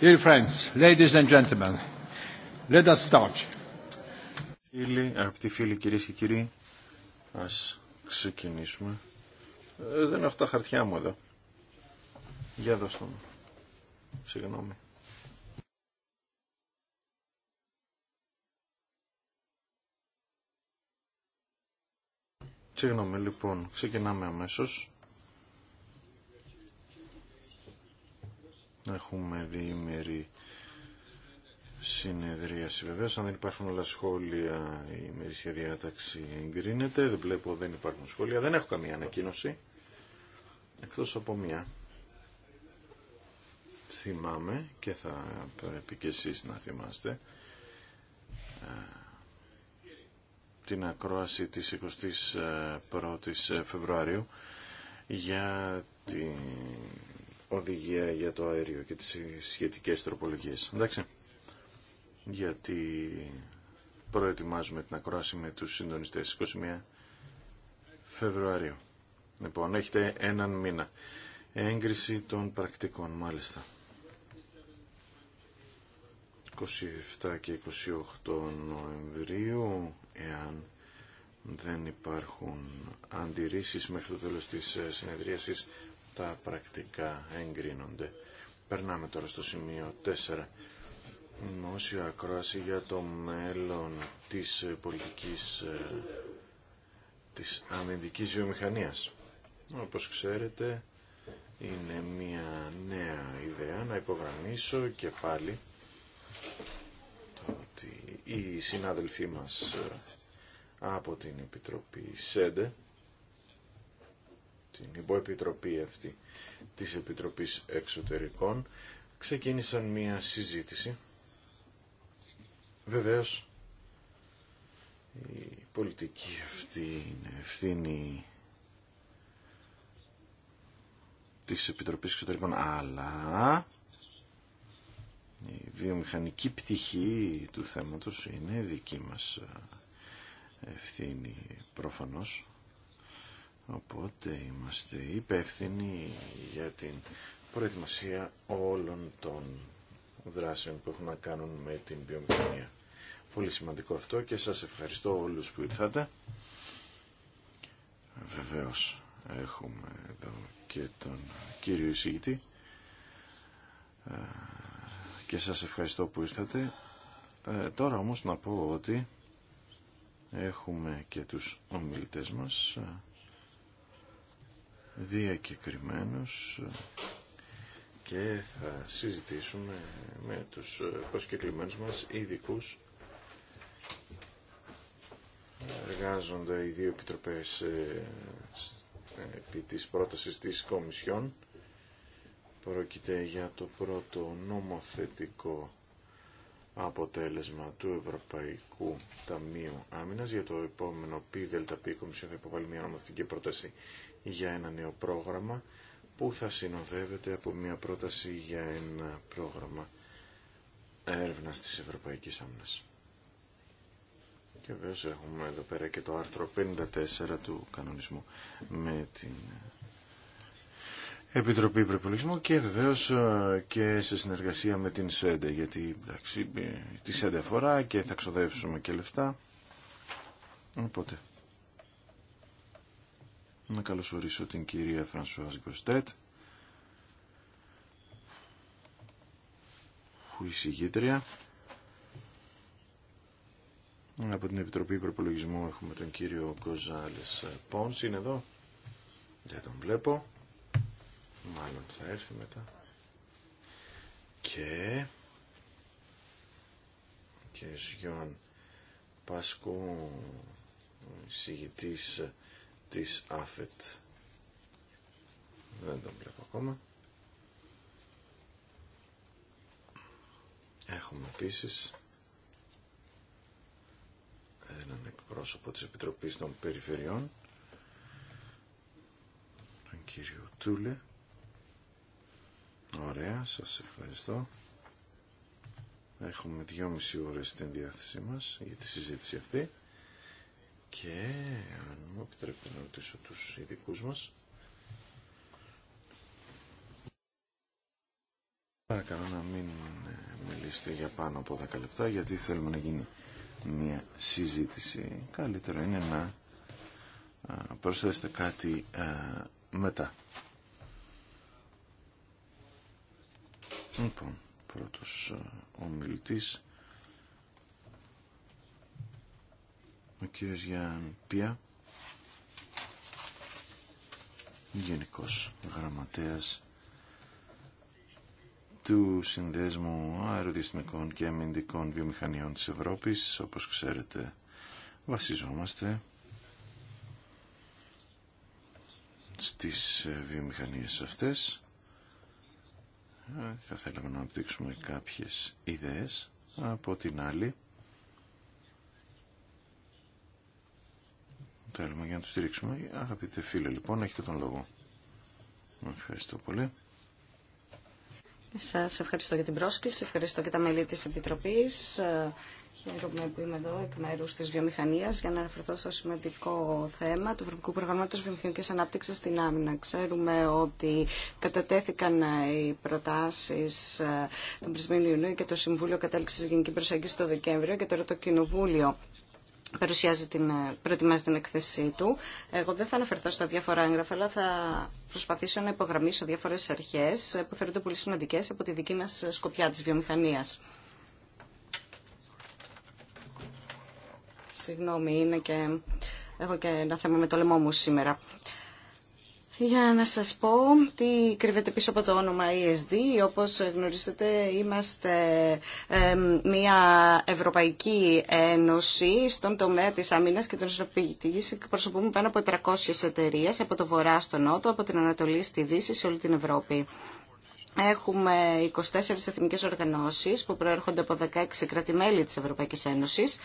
Dear Φίλοι, αγαπητοί φίλοι, κυρίες και κύριοι, ας ξεκινήσουμε. Ε, δεν έχω τα χαρτιά μου εδώ. Για δώστε μου. Συγγνώμη. Συγγνώμη, λοιπόν, ξεκινάμε αμέσως. Έχουμε διήμερη συνεδρίαση βεβαίως. Αν δεν υπάρχουν όλα σχόλια η ημερήσια διάταξη εγκρίνεται. Δεν βλέπω δεν υπάρχουν σχόλια. Δεν έχω καμία ανακοίνωση. Εκτός από μία. Θυμάμαι και θα πρέπει και εσείς να θυμάστε ε, την ακρόαση της 21ης ε, ε, Φεβρουαρίου για την οδηγία για το αέριο και τις σχετικές τροπολογίες. Εντάξει. Γιατί προετοιμάζουμε την ακρόαση με τους συντονιστές 21 Φεβρουαρίου. Λοιπόν, έχετε έναν μήνα. Έγκριση των πρακτικών, μάλιστα. 27 και 28 Νοεμβρίου, εάν δεν υπάρχουν αντιρρήσεις μέχρι το τέλος της ε, συνεδρίασης, τα πρακτικά εγκρίνονται. Περνάμε τώρα στο σημείο 4. Δημόσια ακρόαση για το μέλλον της πολιτικής ε, της αμυντικής βιομηχανίας. Όπως ξέρετε είναι μια νέα ιδέα να υπογραμμίσω και πάλι ότι οι συνάδελφοί μας ε, από την Επιτροπή ΣΕΝΤΕ την υποεπιτροπή αυτή της Επιτροπής Εξωτερικών ξεκίνησαν μία συζήτηση. Βεβαίως η πολιτική αυτή είναι ευθύνη της Επιτροπής Εξωτερικών αλλά η βιομηχανική πτυχή του θέματος είναι δική μας ε, ευθύνη προφανώς Οπότε είμαστε υπεύθυνοι για την προετοιμασία όλων των δράσεων που έχουν να κάνουν με την βιομηχανία. Πολύ σημαντικό αυτό και σας ευχαριστώ όλους που ήρθατε. Βεβαίως έχουμε εδώ και τον κύριο εισηγητή ε, και σας ευχαριστώ που ήρθατε. Ε, τώρα όμως να πω ότι έχουμε και τους ομιλητές μας διακεκριμένος και θα συζητήσουμε με τους προσκεκλημένους μας ειδικού. Εργάζονται οι δύο επιτροπές ε, ε, επί της πρότασης της Κομισιόν. Πρόκειται για το πρώτο νομοθετικό αποτέλεσμα του Ευρωπαϊκού Ταμείου Άμυνας. Για το επόμενο ΠΔΠ η Κομισιόν θα υποβάλει μια νομοθετική πρόταση για ένα νέο πρόγραμμα που θα συνοδεύεται από μια πρόταση για ένα πρόγραμμα έρευνας της Ευρωπαϊκής Άμυνας. Και βέβαια έχουμε εδώ πέρα και το άρθρο 54 του κανονισμού με την Επιτροπή Προπολογισμού και βεβαίω ε, και σε συνεργασία με την ΣΕΝΤΕ. Γιατί εντάξει, ε, τη ΣΕΝΤΕ αφορά και θα ξοδεύσουμε και λεφτά. Οπότε να καλωσορίσω την κυρία Φρανσουάζ Γκοστέτ, που εισηγήτρια. Από την Επιτροπή Προπολογισμού έχουμε τον κύριο Κοζάλης Πόνς, είναι εδώ. Δεν τον βλέπω. Μάλλον θα έρθει μετά. Και... Και Ζιόν Πάσκο, εισηγητής της ΑΦΕΤ. Δεν τον βλέπω ακόμα. Έχουμε επίσης έναν εκπρόσωπο της Επιτροπής των Περιφερειών, τον κύριο Τούλε. Ωραία, σας ευχαριστώ. Έχουμε δυόμιση ώρες στην διάθεσή μας για τη συζήτηση αυτή. Και αν μου επιτρέπετε να ρωτήσω τους ειδικούς μας. Παρακαλώ να μην ε, μιλήσετε για πάνω από 10 λεπτά γιατί θέλουμε να γίνει μια συζήτηση. Καλύτερο είναι να προσθέσετε κάτι ε, μετά. Λοιπόν, πρώτος ε, ομιλητής ο κύριος Γιάννη Πία, γενικός γραμματέας του Συνδέσμου Αεροδιαστημικών και Αμυντικών Βιομηχανιών της Ευρώπης. Όπως ξέρετε, βασιζόμαστε στις βιομηχανίες αυτές. Θα θέλαμε να δείξουμε κάποιες ιδέες. Από την άλλη, θέλουμε για να τους στηρίξουμε. Αγαπητέ φίλε, λοιπόν, έχετε τον λόγο. Ευχαριστώ πολύ. Σα ευχαριστώ για την πρόσκληση, ευχαριστώ και τα μέλη τη Επιτροπή ε, Χαίρομαι που είμαι εδώ εκ μέρου τη βιομηχανία για να αναφερθώ στο σημαντικό θέμα του Ευρωπαϊκού Προγράμματο Βιομηχανική Ανάπτυξη στην Άμυνα. Ξέρουμε ότι κατατέθηκαν οι προτάσει ε, τον πρισμήν Ιουνίου και το Συμβούλιο κατέληξε γενική προσέγγιση το Δεκέμβριο και τώρα το Κοινοβούλιο παρουσιάζει την, ε, προετοιμάζει την εκθεσή του. Εγώ δεν θα αναφερθώ στα διάφορα έγγραφα, αλλά θα προσπαθήσω να υπογραμμίσω διάφορες αρχές ε, που θεωρούνται πολύ σημαντικέ από τη δική μας σκοπιά της βιομηχανίας. Συγγνώμη, είναι και... Έχω και ένα θέμα με το λαιμό μου σήμερα για να σας πω τι κρύβεται πίσω από το όνομα ESD. Όπως γνωρίζετε είμαστε μια Ευρωπαϊκή Ένωση στον τομέα της αμήνας και των στρατηγικής. προσωπούμε πάνω από 300 εταιρείε από το βορρά στο νότο, από την Ανατολή στη Δύση, σε όλη την Ευρώπη. Έχουμε 24 εθνικές οργανώσεις που προέρχονται από 16 κράτη-μέλη της Ευρωπαϊκής Ένωσης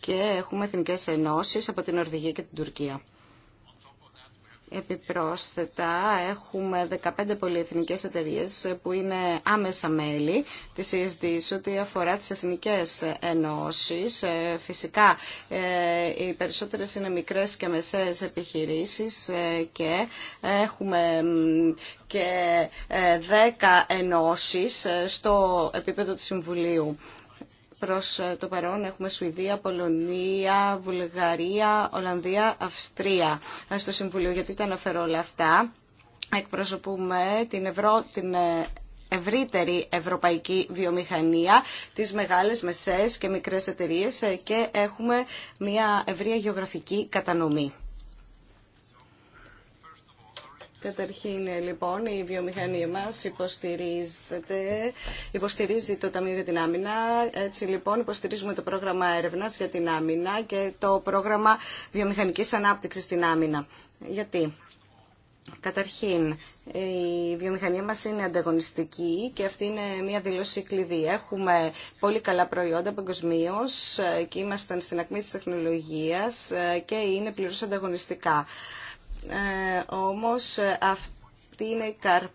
και έχουμε εθνικές ενώσεις από την Ορβηγία και την Τουρκία. Επιπρόσθετα έχουμε 15 πολυεθνικές εταιρείες που είναι άμεσα μέλη της ESD ό,τι αφορά τις εθνικές ενώσεις. Ε, φυσικά ε, οι περισσότερες είναι μικρές και μεσαίες επιχειρήσεις ε, και έχουμε και 10 ενώσεις στο επίπεδο του Συμβουλίου. Προς ε, το παρόν έχουμε Σουηδία, Πολωνία, Βουλγαρία, Ολλανδία, Αυστρία ε, στο Συμβουλίο. Γιατί τα αναφέρω όλα αυτά. Εκπροσωπούμε την, Ευρώ, την ε, ευρύτερη ευρωπαϊκή βιομηχανία, τις μεγάλες, μεσές και μικρές εταιρείες και έχουμε μια ευρεία γεωγραφική κατανομή. Καταρχήν, λοιπόν, η βιομηχανία μας υποστηρίζεται, υποστηρίζει το Ταμείο για την Άμυνα. Έτσι, λοιπόν, υποστηρίζουμε το πρόγραμμα έρευνας για την άμυνα και το πρόγραμμα βιομηχανικής ανάπτυξης στην άμυνα. Γιατί? Καταρχήν, η βιομηχανία μας είναι ανταγωνιστική και αυτή είναι μια δηλώση κλειδί. Έχουμε πολύ καλά προϊόντα παγκοσμίω και ήμασταν στην ακμή της τεχνολογίας και είναι πλήρως ανταγωνιστικά ε, όμως ε, αυτή είναι η καρπή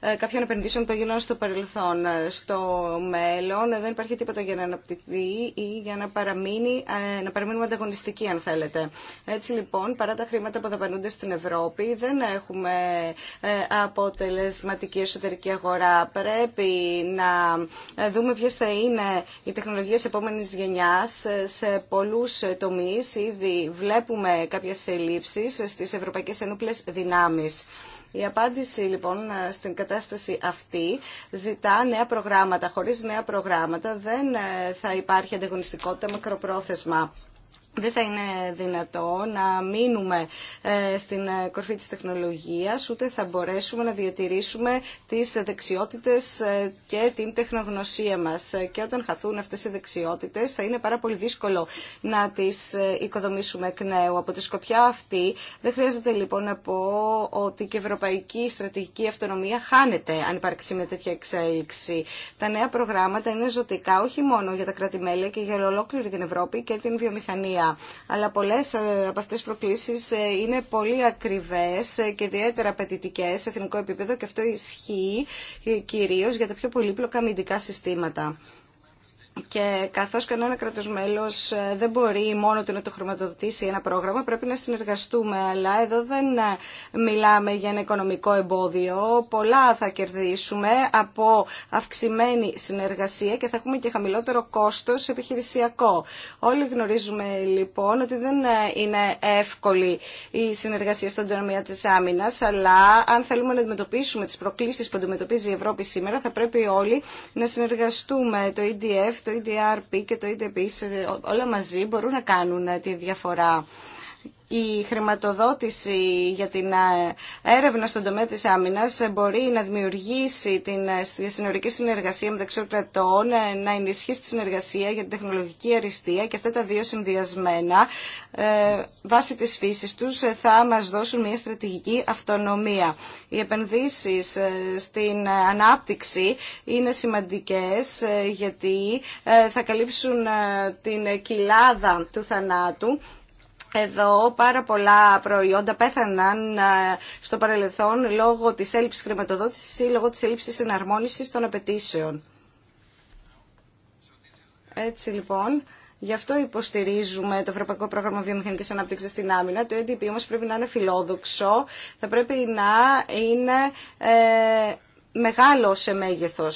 ε, κάποιων επενδύσεων που έγιναν στο παρελθόν. Ε, στο μέλλον ε, δεν υπάρχει τίποτα για να αναπτυχθεί ή για να, παραμείνει, να παραμείνουμε ανταγωνιστικοί, αν θέλετε. Έτσι λοιπόν, παρά τα χρήματα που δαπανούνται στην Ευρώπη, δεν έχουμε αποτελεσματική εσωτερική αγορά. Πρέπει να δούμε ποιε θα είναι οι τεχνολογίε επόμενη γενιά σε πολλού τομεί. Ήδη βλέπουμε κάποιε ελλείψει στι ευρωπαϊκέ ενόπλε δυνάμει. Η απάντηση λοιπόν στην κατάσταση αυτή ζητά νέα προγράμματα. Χωρίς νέα προγράμματα δεν ε, θα υπάρχει ανταγωνιστικότητα μακροπρόθεσμα δεν θα είναι δυνατό να μείνουμε ε, στην ε, κορφή της τεχνολογίας, ούτε θα μπορέσουμε να διατηρήσουμε τις δεξιότητες ε, και την τεχνογνωσία μας. Και όταν χαθούν αυτές οι δεξιότητες θα είναι πάρα πολύ δύσκολο να τις οικοδομήσουμε εκ νέου. Από τη σκοπιά αυτή δεν χρειάζεται λοιπόν να πω ότι και η ευρωπαϊκή στρατηγική αυτονομία χάνεται αν υπάρξει με τέτοια εξέλιξη. Τα νέα προγράμματα είναι ζωτικά όχι μόνο για τα κράτη-μέλη και για ολόκληρη την Ευρώπη και την βιομηχανία. Αλλά πολλές ε, από αυτές τις προκλήσεις ε, είναι πολύ ακριβές και ιδιαίτερα απαιτητικέ σε εθνικό επίπεδο και αυτό ισχύει ε, κυρίως για τα πιο πολύπλοκα αμυντικά συστήματα. Και καθώς κανένα κράτος μέλος ε, δεν μπορεί μόνο του να το χρηματοδοτήσει ένα πρόγραμμα, πρέπει να συνεργαστούμε. Αλλά εδώ δεν ε, μιλάμε για ένα οικονομικό εμπόδιο. Πολλά θα κερδίσουμε από αυξημένη συνεργασία και θα έχουμε και χαμηλότερο κόστος επιχειρησιακό. Όλοι γνωρίζουμε λοιπόν ότι δεν ε, είναι εύκολη η συνεργασία στον τομέα της άμυνας, αλλά αν θέλουμε να αντιμετωπίσουμε τις προκλήσεις που αντιμετωπίζει η Ευρώπη σήμερα, θα πρέπει όλοι να συνεργαστούμε το EDF, το EDRP και το EDP όλα μαζί μπορούν να κάνουν ε, τη διαφορά η χρηματοδότηση για την ε, έρευνα στον τομέα της άμυνας μπορεί να δημιουργήσει ε, τη συνορική συνεργασία μεταξύ κρατών, ε, να ενισχύσει τη συνεργασία για την τεχνολογική αριστεία και αυτά τα δύο συνδυασμένα βάσει της φύσης τους θα μας δώσουν μια στρατηγική αυτονομία. Οι επενδύσεις στην ανάπτυξη είναι σημαντικές γιατί θα καλύψουν την κοιλάδα του θανάτου εδώ πάρα πολλά προϊόντα πέθαναν ε, στο παρελθόν λόγω της έλλειψης χρηματοδότησης ή λόγω της έλλειψης εναρμόνισης των απαιτήσεων. Έτσι λοιπόν, γι' αυτό υποστηρίζουμε το Ευρωπαϊκό Πρόγραμμα Βιομηχανική Ανάπτυξη στην Άμυνα. Το EDP όμω πρέπει να είναι φιλόδοξο, θα πρέπει να είναι ε, μεγάλο σε μέγεθο.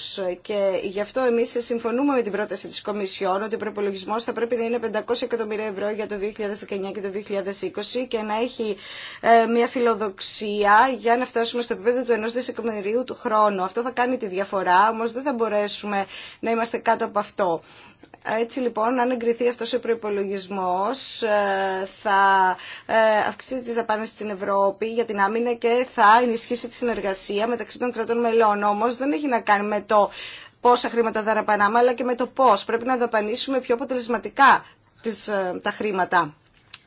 Και γι' αυτό εμεί συμφωνούμε με την πρόταση τη Κομισιόν ότι ο προπολογισμό θα πρέπει να είναι 500 εκατομμύρια ευρώ για το 2019 και το 2020 και να έχει ε, μια φιλοδοξία για να φτάσουμε στο επίπεδο του ενό δισεκατομμυρίου του χρόνου. Αυτό θα κάνει τη διαφορά, όμω δεν θα μπορέσουμε να είμαστε κάτω από αυτό. Έτσι λοιπόν, αν εγκριθεί αυτός ο προϋπολογισμός, ε, θα ε, αυξήσει τις δαπάνες στην Ευρώπη για την άμυνα και θα ενισχύσει τη συνεργασία μεταξύ των κρατών μελών. Όμως δεν έχει να κάνει με το πόσα χρήματα δαπανάμε, αλλά και με το πώς. Πρέπει να δαπανίσουμε πιο αποτελεσματικά ε, τα χρήματα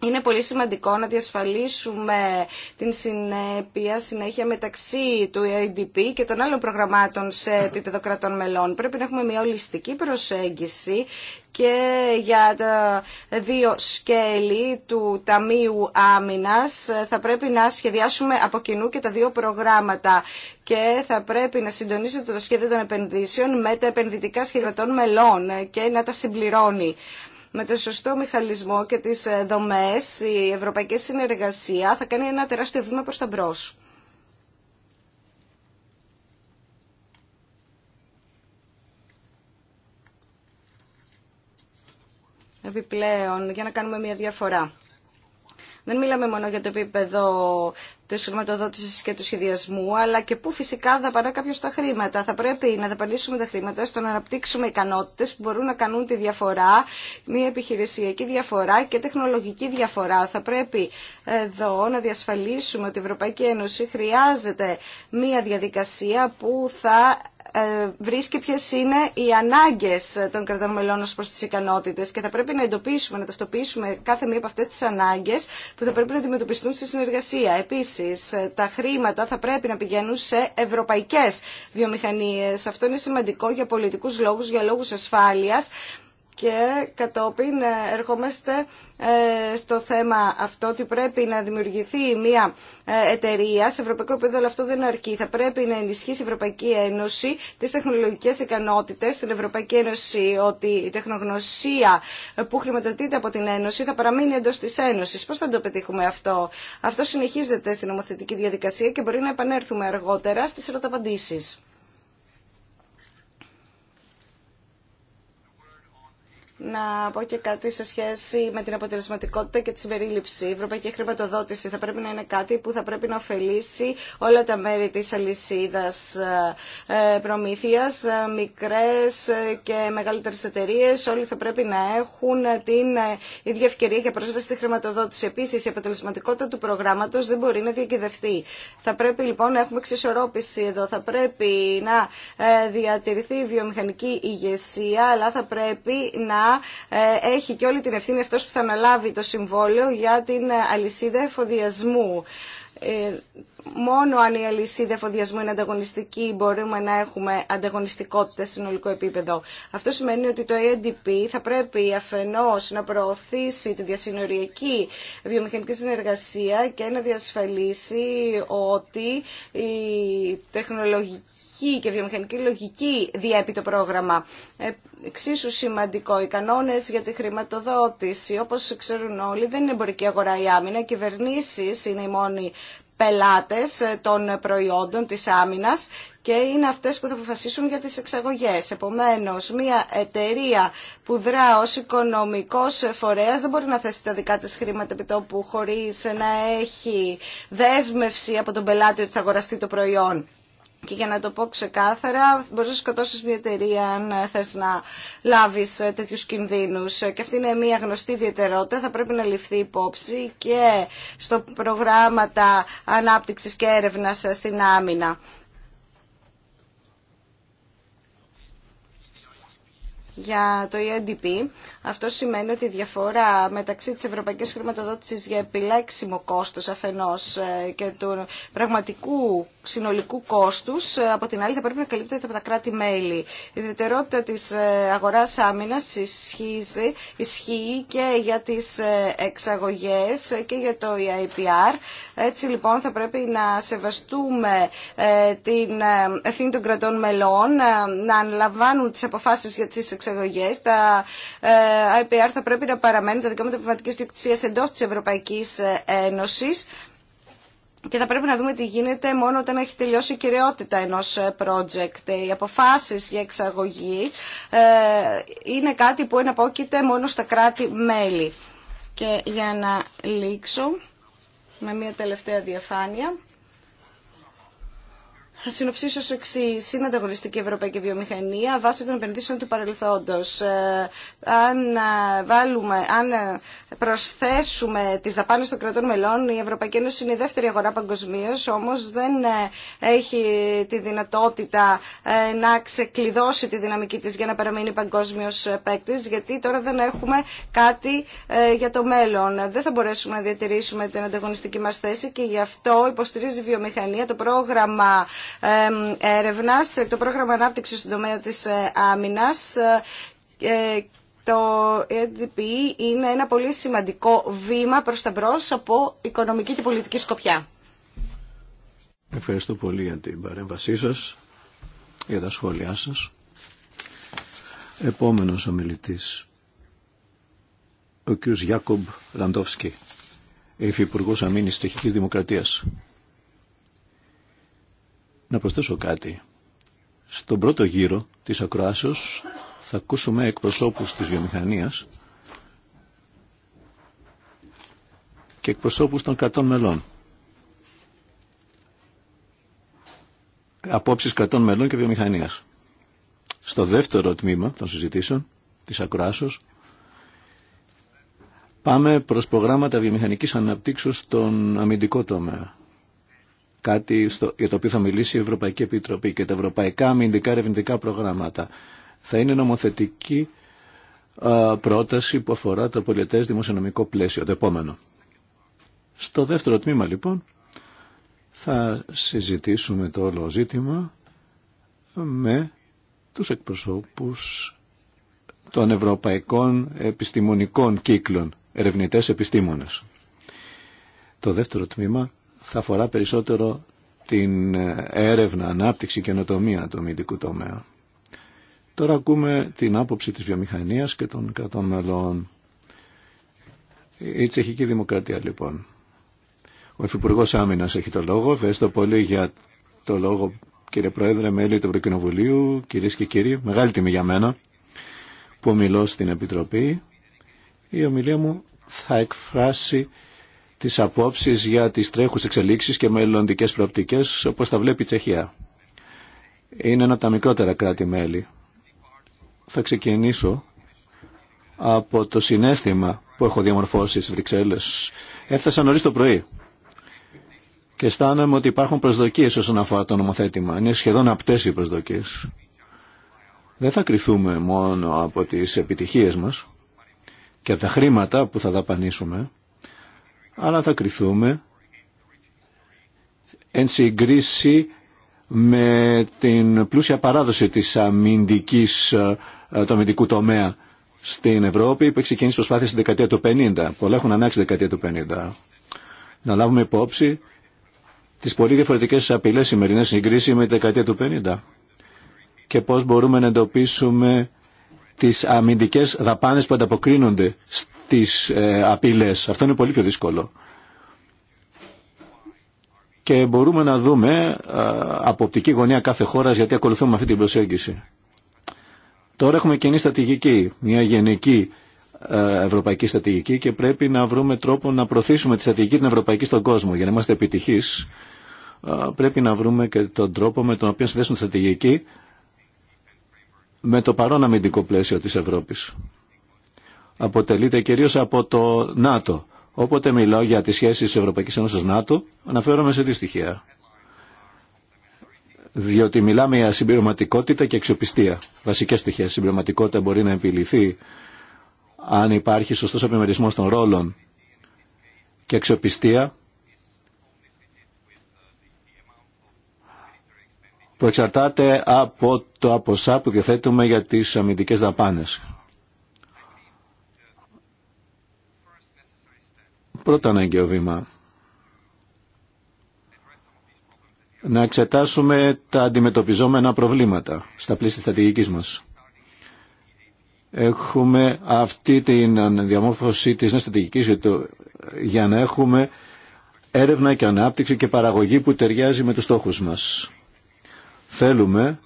είναι πολύ σημαντικό να διασφαλίσουμε την συνέπεια, συνέχεια μεταξύ του ADP και των άλλων προγραμμάτων σε επίπεδο κρατών μελών. Πρέπει να έχουμε μια ολιστική προσέγγιση και για τα δύο σκέλη του Ταμείου Άμυνας θα πρέπει να σχεδιάσουμε από κοινού και τα δύο προγράμματα και θα πρέπει να συντονίζεται το σχέδιο των επενδύσεων με τα επενδυτικά των μελών και να τα συμπληρώνει με το σωστό μηχανισμό και τις ε, δομές η ευρωπαϊκή συνεργασία θα κάνει ένα τεράστιο βήμα προς τα μπρος. Επιπλέον, για να κάνουμε μια διαφορά. Δεν μιλάμε μόνο για το επίπεδο τη χρηματοδότηση και του σχεδιασμού, αλλά και πού φυσικά δαπανά κάποιο τα χρήματα. Θα πρέπει να δαπανίσουμε τα χρήματα στο να αναπτύξουμε ικανότητε που μπορούν να κάνουν τη διαφορά, μια επιχειρησιακή διαφορά και τεχνολογική διαφορά. Θα πρέπει εδώ να διασφαλίσουμε ότι η Ευρωπαϊκή Ένωση χρειάζεται μια διαδικασία που θα ε, βρίσκει ποιε είναι οι ανάγκε των κρατών μελών ω προ τι ικανότητε και θα πρέπει να εντοπίσουμε, να ταυτοποιήσουμε κάθε μία από αυτέ τι ανάγκε που θα πρέπει να αντιμετωπιστούν στη συνεργασία. Επίση, ε, τα χρήματα θα πρέπει να πηγαίνουν σε ευρωπαϊκέ βιομηχανίε. Αυτό είναι σημαντικό για πολιτικού λόγου, για λόγου ασφάλεια και κατόπιν ε, ερχόμαστε ε, στο θέμα αυτό ότι πρέπει να δημιουργηθεί μια ε, εταιρεία σε ευρωπαϊκό επίπεδο, αλλά αυτό δεν αρκεί. Θα πρέπει να ενισχύσει η Ευρωπαϊκή Ένωση τι τεχνολογικέ ικανότητε, στην Ευρωπαϊκή Ένωση, ότι η τεχνογνωσία που χρηματοδοτείται από την Ένωση θα παραμείνει εντό τη Ένωση. Πώ θα το πετύχουμε αυτό. Αυτό συνεχίζεται στην νομοθετική διαδικασία και μπορεί να επανέλθουμε αργότερα στι ερωταπαντήσει. να πω και κάτι σε σχέση με την αποτελεσματικότητα και τη συμπερίληψη. Η ευρωπαϊκή χρηματοδότηση θα πρέπει να είναι κάτι που θα πρέπει να ωφελήσει όλα τα μέρη της αλυσίδας ε, προμήθειας, ε, μικρές ε, και μεγαλύτερες εταιρείε. Όλοι θα πρέπει να έχουν την ίδια ευκαιρία για πρόσβαση στη χρηματοδότηση. Επίσης, η αποτελεσματικότητα του προγράμματος δεν μπορεί να διακυδευτεί. Θα πρέπει λοιπόν να έχουμε εξισορρόπηση εδώ. Θα πρέπει να διατηρηθεί η βιομηχανική ηγεσία, αλλά θα πρέπει να ε, έχει και όλη την ευθύνη αυτός που θα αναλάβει το συμβόλαιο για την ε, αλυσίδα εφοδιασμού. Ε, μόνο αν η αλυσίδα εφοδιασμού είναι ανταγωνιστική μπορούμε να έχουμε ανταγωνιστικότητα σε συνολικό επίπεδο. Αυτό σημαίνει ότι το EDP θα πρέπει αφενός να προωθήσει τη διασυνοριακή βιομηχανική συνεργασία και να διασφαλίσει ότι η τεχνολογική και βιομηχανική λογική διέπει το πρόγραμμα. Ε, εξίσου σημαντικό, οι κανόνε για τη χρηματοδότηση, όπω ξέρουν όλοι, δεν είναι εμπορική αγορά η άμυνα. Οι κυβερνήσει είναι οι μόνοι πελάτε των προϊόντων τη Άμυνα, και είναι αυτέ που θα αποφασίσουν για τι εξαγωγέ. Επομένω, μια εταιρεία που δρά ω οικονομικό φορέα δεν μπορεί να θέσει τα δικά τη χρήματα επιτόπου χωρί να έχει δέσμευση από τον πελάτη ότι θα αγοραστεί το προϊόν. Και για να το πω ξεκάθαρα, μπορεί να σκοτώσει μια εταιρεία αν θε να λάβει τέτοιου κινδύνου. Και αυτή είναι μια γνωστή ιδιαιτερότητα, θα πρέπει να ληφθεί υπόψη και στο προγράμματα ανάπτυξη και έρευνα στην άμυνα. για το EDP, Αυτό σημαίνει ότι η διαφορά μεταξύ της ευρωπαϊκής χρηματοδότησης για επιλέξιμο κόστος αφενός ε, και του πραγματικού συνολικού κόστους, ε, από την άλλη θα πρέπει να καλύπτεται από τα κράτη-μέλη. Η ιδιαιτερότητα της ε, αγοράς άμυνας ισχύει, ισχύει και για τις ε, εξαγωγές και για το EIPR. Έτσι λοιπόν θα πρέπει να σεβαστούμε την ευθύνη των κρατών μελών, να αναλαμβάνουν τις αποφάσεις για τις εξαγωγές. Τα EIPR θα πρέπει να παραμένουν τα δικαιώματα πνευματικής διοκτησίας εντός της Ευρωπαϊκής Ένωσης και θα πρέπει να δούμε τι γίνεται μόνο όταν έχει τελειώσει η κυριότητα ενός ε, project. Οι αποφάσεις για εξαγωγή ε, είναι κάτι που εναπόκειται μόνο στα κράτη-μέλη. Και για να λήξω με μια τελευταία διαφάνεια. Θα συνοψίσω ω εξή. Είναι ανταγωνιστική η ευρωπαϊκή βιομηχανία βάσει των επενδύσεων του παρελθόντο. Ε, αν, ε, βάλουμε, αν ε, προσθέσουμε τι δαπάνε των κρατών μελών, η Ευρωπαϊκή Ένωση είναι η δεύτερη αγορά παγκοσμίω, όμω δεν έχει τη δυνατότητα να ξεκλειδώσει τη δυναμική τη για να παραμείνει παγκόσμιο παίκτη, γιατί τώρα δεν έχουμε κάτι για το μέλλον. Δεν θα μπορέσουμε να διατηρήσουμε την ανταγωνιστική μα θέση και γι' αυτό υποστηρίζει η βιομηχανία το πρόγραμμα έρευνας, το πρόγραμμα ανάπτυξης στον τομέα της ε, άμυνας ε, ε, το EDP είναι ένα πολύ σημαντικό βήμα προς τα μπρος από οικονομική και πολιτική σκοπιά. Ευχαριστώ πολύ για την παρέμβασή σας, για τα σχόλιά σας. Επόμενος ομιλητής, ο κ. Γιάκομπ Λαντόφσκι, Υφυπουργός Αμήνης Τεχικής Δημοκρατίας. Να προσθέσω κάτι. Στον πρώτο γύρο της ακροάσεως θα ακούσουμε εκπροσώπους της βιομηχανίας και εκπροσώπους των κρατών μελών. Απόψεις κρατών μελών και βιομηχανίας. Στο δεύτερο τμήμα των συζητήσεων της ακροάσεως πάμε προς προγράμματα βιομηχανικής αναπτύξεως στον αμυντικό τομέα κάτι στο, για το οποίο θα μιλήσει η Ευρωπαϊκή Επιτροπή και τα ευρωπαϊκά αμυντικά ερευνητικά προγράμματα. Θα είναι νομοθετική πρόταση που αφορά το πολιτές δημοσιονομικό πλαίσιο, το επόμενο. Στο δεύτερο τμήμα λοιπόν θα συζητήσουμε το όλο ζήτημα με τους εκπροσώπους των ευρωπαϊκών επιστημονικών κύκλων, ερευνητές επιστήμονες. Το δεύτερο τμήμα θα αφορά περισσότερο την ε, έρευνα, ανάπτυξη και ενοτομία του μυντικού τομέα. Τώρα ακούμε την άποψη της βιομηχανίας και των κρατών μελών. Η τσεχική δημοκρατία λοιπόν. Ο Υφυπουργό Άμυνα έχει το λόγο. Ευχαριστώ πολύ για το λόγο, κύριε Πρόεδρε, μέλη του Ευρωκοινοβουλίου, κυρίε και κύριοι. Μεγάλη τιμή για μένα που μιλώ στην Επιτροπή. Η ομιλία μου θα εκφράσει τις απόψεις για τις τρέχους εξελίξεις και μελλοντικές προοπτικές όπως τα βλέπει η Τσεχία. Είναι ένα από τα μικρότερα κράτη-μέλη. Θα ξεκινήσω από το συνέστημα που έχω διαμορφώσει στι Βρυξέλλες. Έφτασα νωρίς το πρωί και αισθάνομαι ότι υπάρχουν προσδοκίες όσον αφορά το νομοθέτημα. Είναι σχεδόν απτές οι προσδοκίες. Δεν θα κρυθούμε μόνο από τις επιτυχίες μας και από τα χρήματα που θα δαπανίσουμε αλλά θα κρυθούμε εν συγκρίση με την πλούσια παράδοση της αμυντικής, ε, του αμυντικού τομέα στην Ευρώπη που έχει ξεκινήσει προσπάθεια στην δεκαετία του 50. Πολλά έχουν ανάξει δεκαετία του 50. Να λάβουμε υπόψη τις πολύ διαφορετικές απειλές σημερινές συγκρίσει με τη δεκαετία του 50 και πώς μπορούμε να εντοπίσουμε τις αμυντικές δαπάνες που ανταποκρίνονται τις ε, απειλές. Αυτό είναι πολύ πιο δύσκολο. Και μπορούμε να δούμε ε, από οπτική γωνία κάθε χώρα γιατί ακολουθούμε αυτή την προσέγγιση. Τώρα έχουμε κοινή στρατηγική, μια γενική ε, ευρωπαϊκή στρατηγική και πρέπει να βρούμε τρόπο να προωθήσουμε τη στρατηγική την ευρωπαϊκή στον κόσμο. Για να είμαστε επιτυχείς πρέπει να βρούμε και τον τρόπο με τον οποίο συνδέσουμε τη στρατηγική με το παρόν αμυντικό πλαίσιο της Ευρώπης αποτελείται κυρίως από το ΝΑΤΟ. Όποτε μιλάω για τις σχέσεις της Ευρωπαϊκής Ένωσης ΝΑΤΟ, αναφέρομαι σε δυστυχία. στοιχεία. Διότι μιλάμε για συμπληρωματικότητα και αξιοπιστία. Βασικές στοιχεία. Συμπληρωματικότητα μπορεί να επιληθεί αν υπάρχει σωστός επιμερισμός των ρόλων και αξιοπιστία που εξαρτάται από το αποσά που διαθέτουμε για τις αμυντικές δαπάνες. Πρώτο αναγκαίο βήμα. Να εξετάσουμε τα αντιμετωπιζόμενα προβλήματα στα πλαίσια της στρατηγικής μας. Έχουμε αυτή την διαμόρφωση της νέας στρατηγικής για να έχουμε έρευνα και ανάπτυξη και παραγωγή που ταιριάζει με τους στόχους μας. Θέλουμε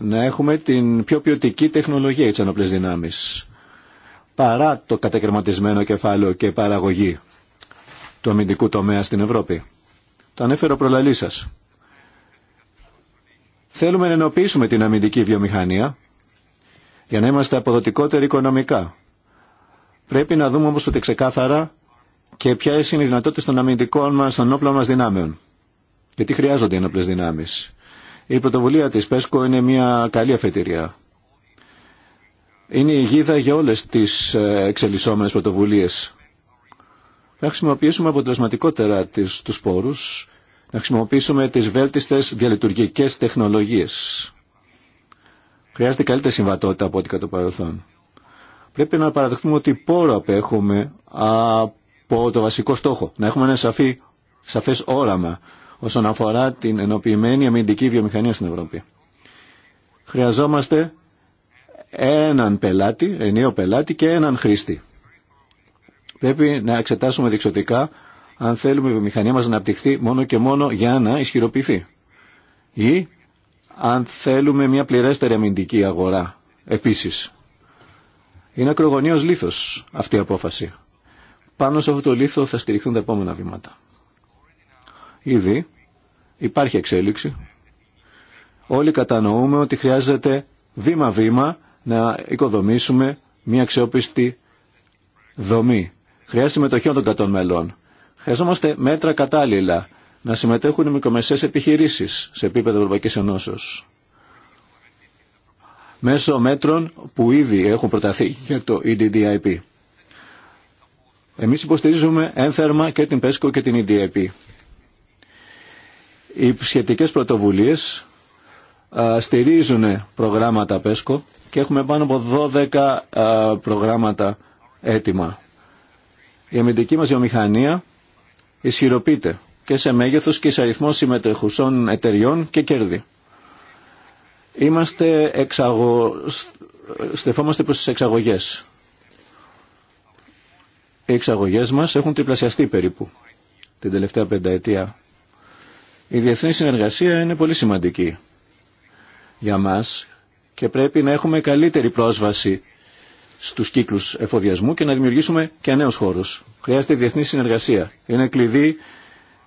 να έχουμε την πιο ποιοτική τεχνολογία της δυνάμεις παρά το κατακαιρματισμένο κεφάλαιο και παραγωγή του αμυντικού τομέα στην Ευρώπη. Το ανέφερε προλαλή σα. Θέλουμε να ενοποιήσουμε την αμυντική βιομηχανία για να είμαστε αποδοτικότεροι οικονομικά. Πρέπει να δούμε όμω ότι ξεκάθαρα και ποια είναι οι δυνατότητε των αμυντικών μα, των όπλων μα δυνάμεων. Γιατί χρειάζονται οι ενόπλε δυνάμει. Η πρωτοβουλία τη ΠΕΣΚΟ είναι μια καλή αφετηρία. Είναι η γίδα για όλε τι ε, εξελισσόμενε πρωτοβουλίε να χρησιμοποιήσουμε αποτελεσματικότερα τους πόρους, να χρησιμοποιήσουμε τις βέλτιστες διαλειτουργικές τεχνολογίες. Χρειάζεται καλύτερη συμβατότητα από ό,τι κατά παρελθόν. Πρέπει να παραδεχτούμε ότι πόρο απέχουμε από το βασικό στόχο. Να έχουμε ένα σαφή, σαφές όραμα όσον αφορά την ενοποιημένη αμυντική βιομηχανία στην Ευρώπη. Χρειαζόμαστε έναν πελάτη, ενίο πελάτη και έναν χρήστη. Πρέπει να εξετάσουμε διεξοδικά αν θέλουμε η βιομηχανία μας να αναπτυχθεί μόνο και μόνο για να ισχυροποιηθεί. Ή αν θέλουμε μια πληρέστερη αμυντική αγορά επίσης. Είναι ακρογωνίως λήθος αυτή η απόφαση. Πάνω σε αυτό το λίθο θα στηριχθούν τα επόμενα βήματα. Ήδη υπάρχει εξέλιξη. Όλοι κατανοούμε ότι χρειάζεται βήμα-βήμα να οικοδομήσουμε μια πληρεστερη αμυντικη αγορα επισης ειναι ακρογωνιως λιθος αυτη η αποφαση πανω σε αυτο το λιθο θα στηριχθουν δομή Χρειάζεται συμμετοχή των κατών μελών. Χρειαζόμαστε μέτρα κατάλληλα να συμμετέχουν οι μικρομεσαίες επιχειρήσεις σε επίπεδο Ευρωπαϊκής Ενώσεως. Μέσω μέτρων που ήδη έχουν προταθεί για το EDDIP. Εμείς υποστηρίζουμε ένθερμα και την ΠΕΣΚΟ και την EDIP. Οι σχετικές πρωτοβουλίες στηρίζουν προγράμματα ΠΕΣΚΟ και έχουμε πάνω από 12 προγράμματα έτοιμα. Η αμυντική μας βιομηχανία ισχυροποιείται και σε μέγεθος και σε αριθμό συμμετεχουσών εταιριών και κέρδη. Είμαστε εξαγω... στεφόμαστε προς τις εξαγωγές. Οι εξαγωγές μας έχουν τριπλασιαστεί περίπου την τελευταία πενταετία. Η διεθνή συνεργασία είναι πολύ σημαντική για μας και πρέπει να έχουμε καλύτερη πρόσβαση στους κύκλους εφοδιασμού και να δημιουργήσουμε και νέους χώρους. Χρειάζεται διεθνή συνεργασία. Είναι κλειδί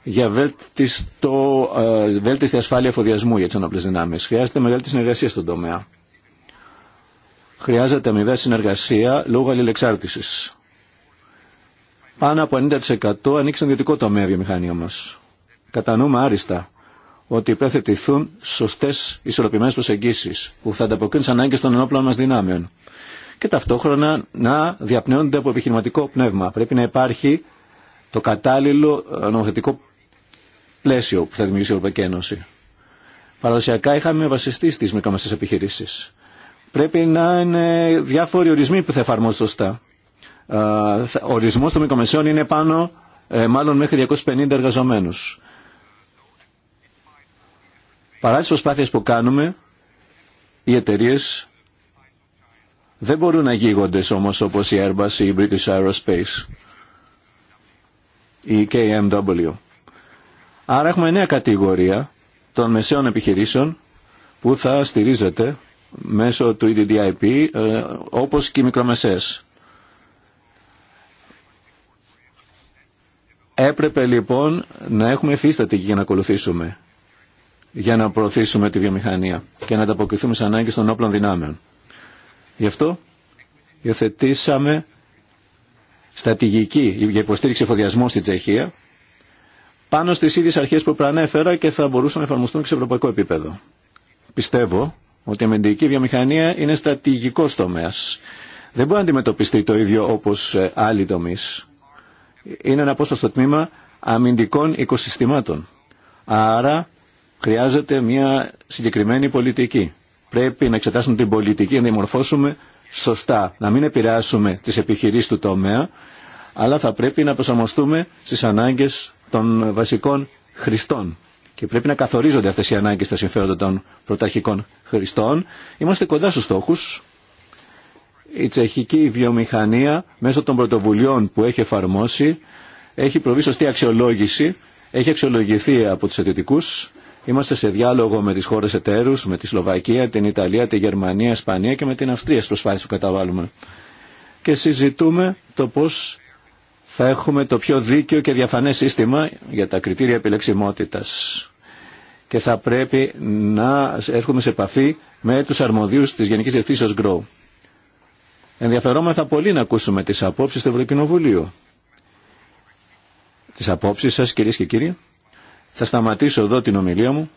για βέλτιστο, ε, βέλτιστη ασφάλεια εφοδιασμού για τι αναπλέ δυνάμεις. Χρειάζεται μεγαλύτερη συνεργασία στον τομέα. Χρειάζεται αμοιβαία συνεργασία λόγω αλληλεξάρτηση. Πάνω από 90% ανοίξει τον ιδιωτικό τομέα βιομηχανία μα. Κατανοούμε άριστα ότι υπέθετηθούν σωστέ ισορροπημένε προσεγγίσει που θα ανταποκρίνουν τι των ενόπλων μα δυνάμεων και ταυτόχρονα να διαπνέονται από επιχειρηματικό πνεύμα. Πρέπει να υπάρχει το κατάλληλο ε, νομοθετικό πλαίσιο που θα δημιουργήσει η Ευρωπαϊκή Ένωση. Παραδοσιακά είχαμε βασιστεί στι μικρομεσαίε επιχειρήσει. Πρέπει να είναι διάφοροι ορισμοί που θα εφαρμόζονται σωστά. Ε, ο ορισμό των μικρομεσαίων είναι πάνω ε, μάλλον μέχρι 250 εργαζομένου. Παρά τι προσπάθειε που κάνουμε, οι εταιρείε δεν μπορούν να γίγονται όμως όπως η Airbus ή η British Aerospace ή η KMW. Άρα έχουμε νέα κατηγορία των μεσαίων επιχειρήσεων που θα στηρίζεται μέσω του EDDIP ε, όπως και οι μικρομεσαίες. Έπρεπε λοιπόν να έχουμε φύστατη για να ακολουθήσουμε για να προωθήσουμε τη βιομηχανία και να ανταποκριθούμε σαν ανάγκε των όπλων δυνάμεων. Γι' αυτό υιοθετήσαμε στατηγική για υποστήριξη εφοδιασμού στην Τσεχία πάνω στις ίδιες αρχές που προανέφερα και θα μπορούσαν να εφαρμοστούν και σε ευρωπαϊκό επίπεδο. Πιστεύω ότι η αμυντική βιομηχανία είναι στατηγικό τομέα. Δεν μπορεί να αντιμετωπιστεί το ίδιο όπως άλλοι τομεί. Είναι ένα στο τμήμα αμυντικών οικοσυστημάτων. Άρα χρειάζεται μια συγκεκριμένη πολιτική. Πρέπει να εξετάσουμε την πολιτική, να διαμορφώσουμε σωστά, να μην επηρεάσουμε τις επιχειρήσεις του τομέα, αλλά θα πρέπει να προσαρμοστούμε στις ανάγκες των βασικών χρηστών. Και πρέπει να καθορίζονται αυτές οι ανάγκες στα συμφέροντα των πρωταρχικών χρηστών. Είμαστε κοντά στους στόχους. Η τσεχική βιομηχανία μέσω των πρωτοβουλειών που έχει εφαρμόσει έχει προβεί σωστή αξιολόγηση, έχει αξιολογηθεί από τους αιτητικούς Είμαστε σε διάλογο με τις χώρες εταίρους, με τη Σλοβακία, την Ιταλία, τη Γερμανία, Ισπανία και με την Αυστρία στι προσπάθειε που καταβάλουμε. Και συζητούμε το πώς θα έχουμε το πιο δίκαιο και διαφανές σύστημα για τα κριτήρια επιλεξιμότητας. Και θα πρέπει να έρχομαι σε επαφή με τους αρμοδίους της Γενικής Διευθύνσεω Γκρο. Ενδιαφερόμεθα πολύ να ακούσουμε τις απόψεις του Ευρωκοινοβουλίου. Τις απόψεις σας κυρίες και κύριοι. Θα σταματήσω εδώ την ομιλία μου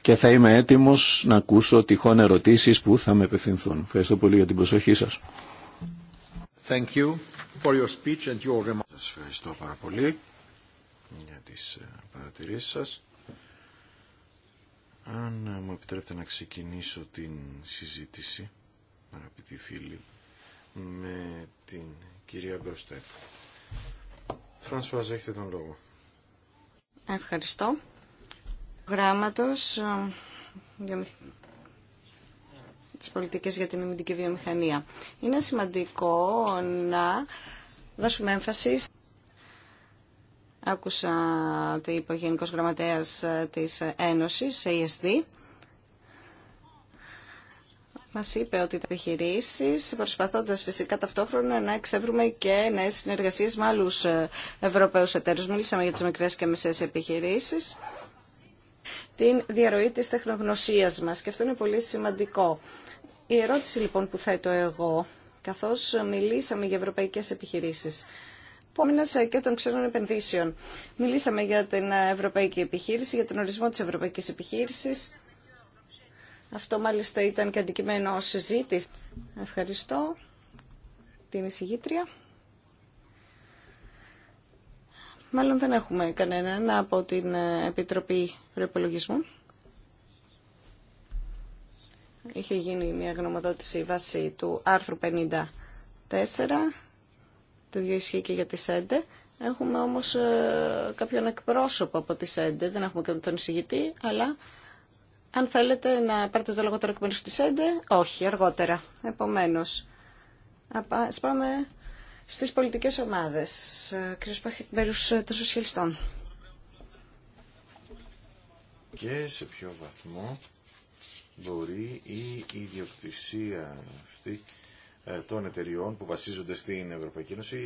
και θα είμαι έτοιμος να ακούσω τυχόν ερωτήσεις που θα με επευθυνθούν. Ευχαριστώ πολύ για την προσοχή σας. Thank you for your speech and your σας ευχαριστώ πάρα πολύ για τις ε, παρατηρήσεις σας. Αν ε, μου επιτρέπετε να ξεκινήσω την συζήτηση, αγαπητοί φίλοι, με την κυρία Γκροστέτ. Φρανσουάζ, έχετε τον λόγο. Ευχαριστώ. Γράμματος ε, τις πολιτικές για την αμυντική βιομηχανία. Είναι σημαντικό να δώσουμε έμφαση Άκουσα τι είπε ο Γενικός Γραμματέας ε, της Ένωσης, ASD, Μα είπε ότι τα επιχειρήσει, προσπαθώντα φυσικά ταυτόχρονα να εξεύρουμε και νέε συνεργασίε με άλλου ε, ευρωπαίου εταίρου. Μίλησαμε για τι μικρέ και μεσαίες επιχειρήσει, την διαρροή τη τεχνογνωσία μα και αυτό είναι πολύ σημαντικό. Η ερώτηση λοιπόν που θέτω εγώ, καθώ μιλήσαμε για ευρωπαϊκέ επιχειρήσει, Πόμενα και των ξένων επενδύσεων. Μιλήσαμε για την ευρωπαϊκή επιχείρηση, για τον ορισμό τη ευρωπαϊκή επιχείρηση. Αυτό μάλιστα ήταν και αντικειμένο συζήτηση. Ευχαριστώ την εισηγήτρια. Μάλλον δεν έχουμε κανέναν από την ε, Επιτροπή Προπολογισμού. Είχε γίνει μια γνωμοδότηση βάση του άρθρου 54, το ίδιο ισχύει και για τη ΣΕΝΤΕ. Έχουμε όμως ε, κάποιον εκπρόσωπο από τη ΣΕΝΤΕ, δεν έχουμε και τον εισηγητή, αλλά αν θέλετε να πάρετε το λόγο τώρα εκ μέρου τη ΕΝΤΕ, όχι, αργότερα. Επομένω, α πάμε στι πολιτικέ ομάδε. Κύριο Πάχη, μέρου ε, των Σοσιαλιστών. Και σε ποιο βαθμό μπορεί η ιδιοκτησία αυτή ε, των εταιριών που βασίζονται στην Ευρωπαϊκή Ένωση,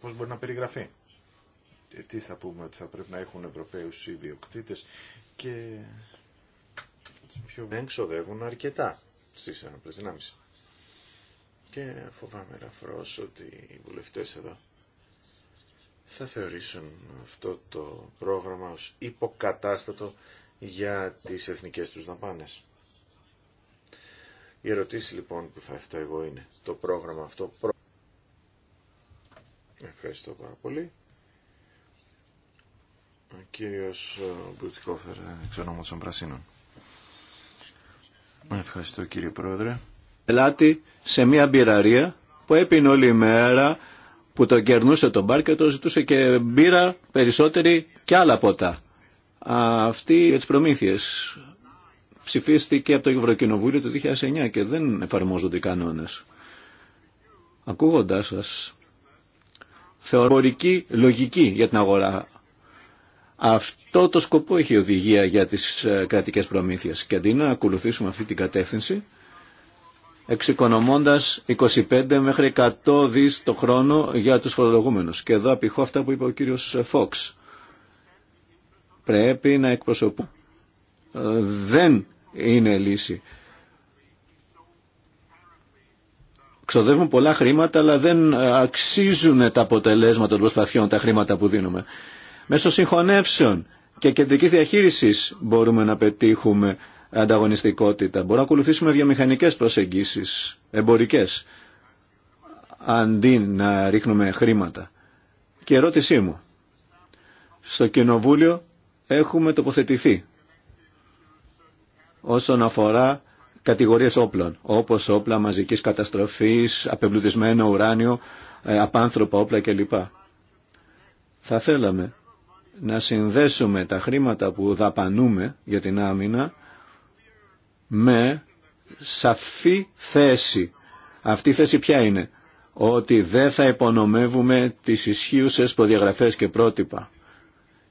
πώς μπορεί να περιγραφεί. Ε, τι θα πούμε, ότι θα πρέπει να έχουν Ευρωπαίους ιδιοκτήτες και πιο... δεν ξοδεύουν αρκετά στις ενόπλες δυνάμεις. Και φοβάμαι ελαφρώ ότι οι βουλευτές εδώ θα θεωρήσουν αυτό το πρόγραμμα ως υποκατάστατο για τις εθνικές τους δαπάνες. Η ερωτήση λοιπόν που θα έφτα εγώ είναι το πρόγραμμα αυτό. Ευχαριστώ πάρα πολύ. Ο κύριος Μπουτικόφερ, εξ των Πρασίνων. Ευχαριστώ κύριε Πρόεδρε. Ελάτη σε μια μπειραρία που έπινε όλη η μέρα που το κερνούσε τον μπαρ και το ζητούσε και μπύρα περισσότερη και άλλα ποτά. Αυτή για τις προμήθειες ψηφίστηκε από το Ευρωκοινοβούλιο το 2009 και δεν εφαρμόζονται οι κανόνες. Ακούγοντάς σας, θεωρητική λογική για την αγορά αυτό το σκοπό έχει η οδηγία για τις ε, κρατικές προμήθειες και αντί να ακολουθήσουμε αυτή την κατεύθυνση, εξοικονομώντας 25 μέχρι 100 δις το χρόνο για τους φορολογούμενους. Και εδώ απηχώ αυτά που είπε ο κύριος Φόξ. Πρέπει να εκπροσωπούν. Δεν είναι λύση. Ξοδεύουν πολλά χρήματα, αλλά δεν αξίζουν τα αποτελέσματα των προσπαθειών, τα χρήματα που δίνουμε. Μέσω συγχωνεύσεων και κεντρικής διαχείρισης μπορούμε να πετύχουμε ανταγωνιστικότητα. Μπορούμε να ακολουθήσουμε βιομηχανικές προσεγγίσεις, εμπορικές, αντί να ρίχνουμε χρήματα. Και ερώτησή μου. Στο Κοινοβούλιο έχουμε τοποθετηθεί όσον αφορά κατηγορίες όπλων, όπως όπλα μαζικής καταστροφής, απεμπλουτισμένο ουράνιο, ε, απάνθρωπα όπλα κλπ. Θα θέλαμε να συνδέσουμε τα χρήματα που δαπανούμε για την άμυνα με σαφή θέση. Αυτή η θέση ποια είναι. Ότι δεν θα υπονομεύουμε τις ισχύουσες προδιαγραφές και πρότυπα.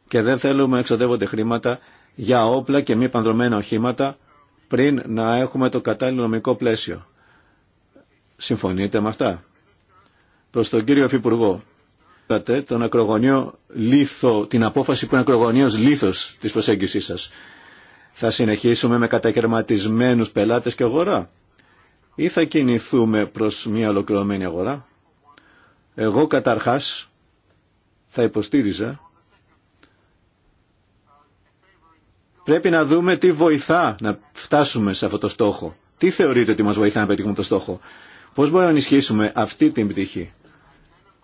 Και δεν θέλουμε να εξοδεύονται χρήματα για όπλα και μη πανδρομένα οχήματα πριν να έχουμε το κατάλληλο νομικό πλαίσιο. Συμφωνείτε με αυτά. Προς τον κύριο Υφυπουργό. Είπατε τον ακρογωνίο λίθο, την απόφαση που είναι ακρογωνίος λίθος της προσέγγισής σας. Θα συνεχίσουμε με κατακαιρματισμένους πελάτες και αγορά ή θα κινηθούμε προς μια ολοκληρωμένη αγορά. Εγώ καταρχάς θα υποστήριζα Πρέπει να δούμε τι βοηθά να φτάσουμε σε αυτό το στόχο. Τι θεωρείτε ότι μας βοηθά να πετύχουμε το στόχο. Πώς μπορούμε να ενισχύσουμε αυτή την πτυχή.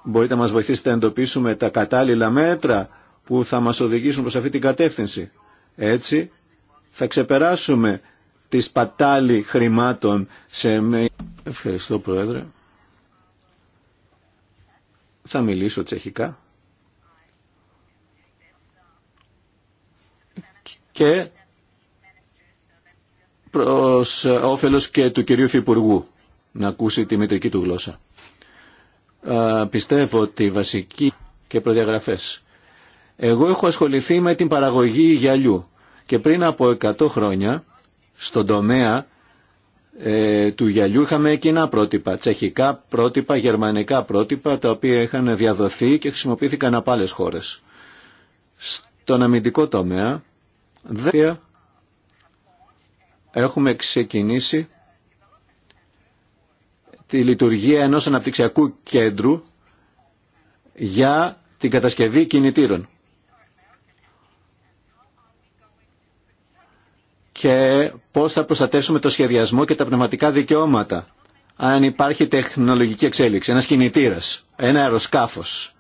Μπορείτε να μας βοηθήσετε να εντοπίσουμε τα κατάλληλα μέτρα που θα μας οδηγήσουν προς αυτή την κατεύθυνση. Έτσι θα ξεπεράσουμε τη σπατάλη χρημάτων σε... Ευχαριστώ Πρόεδρε. Θα μιλήσω τσεχικά. Και προς όφελος και του κυρίου Φιπουργού να ακούσει τη μητρική του γλώσσα πιστεύω ότι βασική και προδιαγραφές. Εγώ έχω ασχοληθεί με την παραγωγή γυαλιού και πριν από 100 χρόνια στον τομέα ε, του γυαλιού είχαμε κοινά πρότυπα, τσεχικά πρότυπα, γερμανικά πρότυπα τα οποία είχαν διαδοθεί και χρησιμοποιήθηκαν από άλλες χώρες. Στον αμυντικό τομέα δεν έχουμε ξεκινήσει τη λειτουργία ενός αναπτυξιακού κέντρου για την κατασκευή κινητήρων. Και πώς θα προστατεύσουμε το σχεδιασμό και τα πνευματικά δικαιώματα αν υπάρχει τεχνολογική εξέλιξη, ένας κινητήρας, ένα αεροσκάφος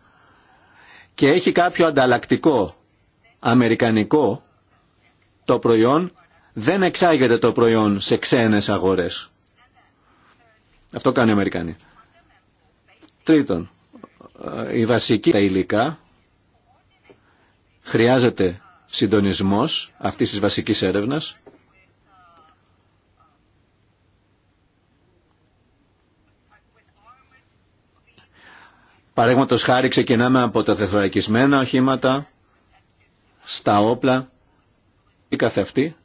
και έχει κάποιο ανταλλακτικό αμερικανικό το προϊόν, δεν εξάγεται το προϊόν σε ξένες αγορές. Αυτό κάνει οι Αμερικανοί. Τρίτον, η βασική τα υλικά χρειάζεται συντονισμός αυτής της βασικής έρευνας Παραδείγματο χάρη ξεκινάμε από τα θεθωρακισμένα οχήματα, στα όπλα ή καθευτή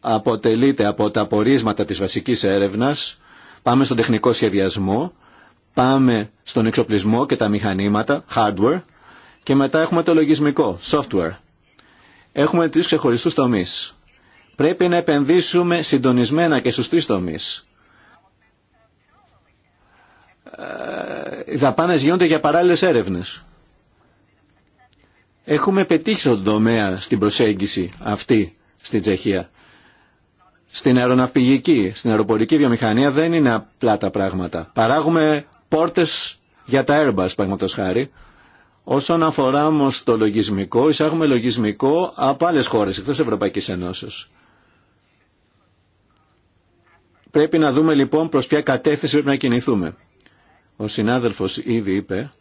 Αποτελείται από τα πορίσματα της βασικής έρευνας Πάμε στον τεχνικό σχεδιασμό, πάμε στον εξοπλισμό και τα μηχανήματα, hardware, και μετά έχουμε το λογισμικό, software. Έχουμε τρεις ξεχωριστούς τομείς. Πρέπει να επενδύσουμε συντονισμένα και στους τρεις τομείς. Ε, οι δαπάνες γίνονται για παράλληλες έρευνες. Έχουμε πετύχει στον τομέα στην προσέγγιση αυτή στην Τσεχία στην αεροναυπηγική, στην αεροπορική βιομηχανία δεν είναι απλά τα πράγματα. Παράγουμε πόρτες για τα Airbus, παραδείγματο χάρη. Όσον αφορά όμω το λογισμικό, εισάγουμε λογισμικό από άλλε χώρε εκτό Ευρωπαϊκή Ενώσεω. Πρέπει να δούμε λοιπόν προς ποια κατεύθυνση πρέπει να κινηθούμε. Ο συνάδελφος ήδη είπε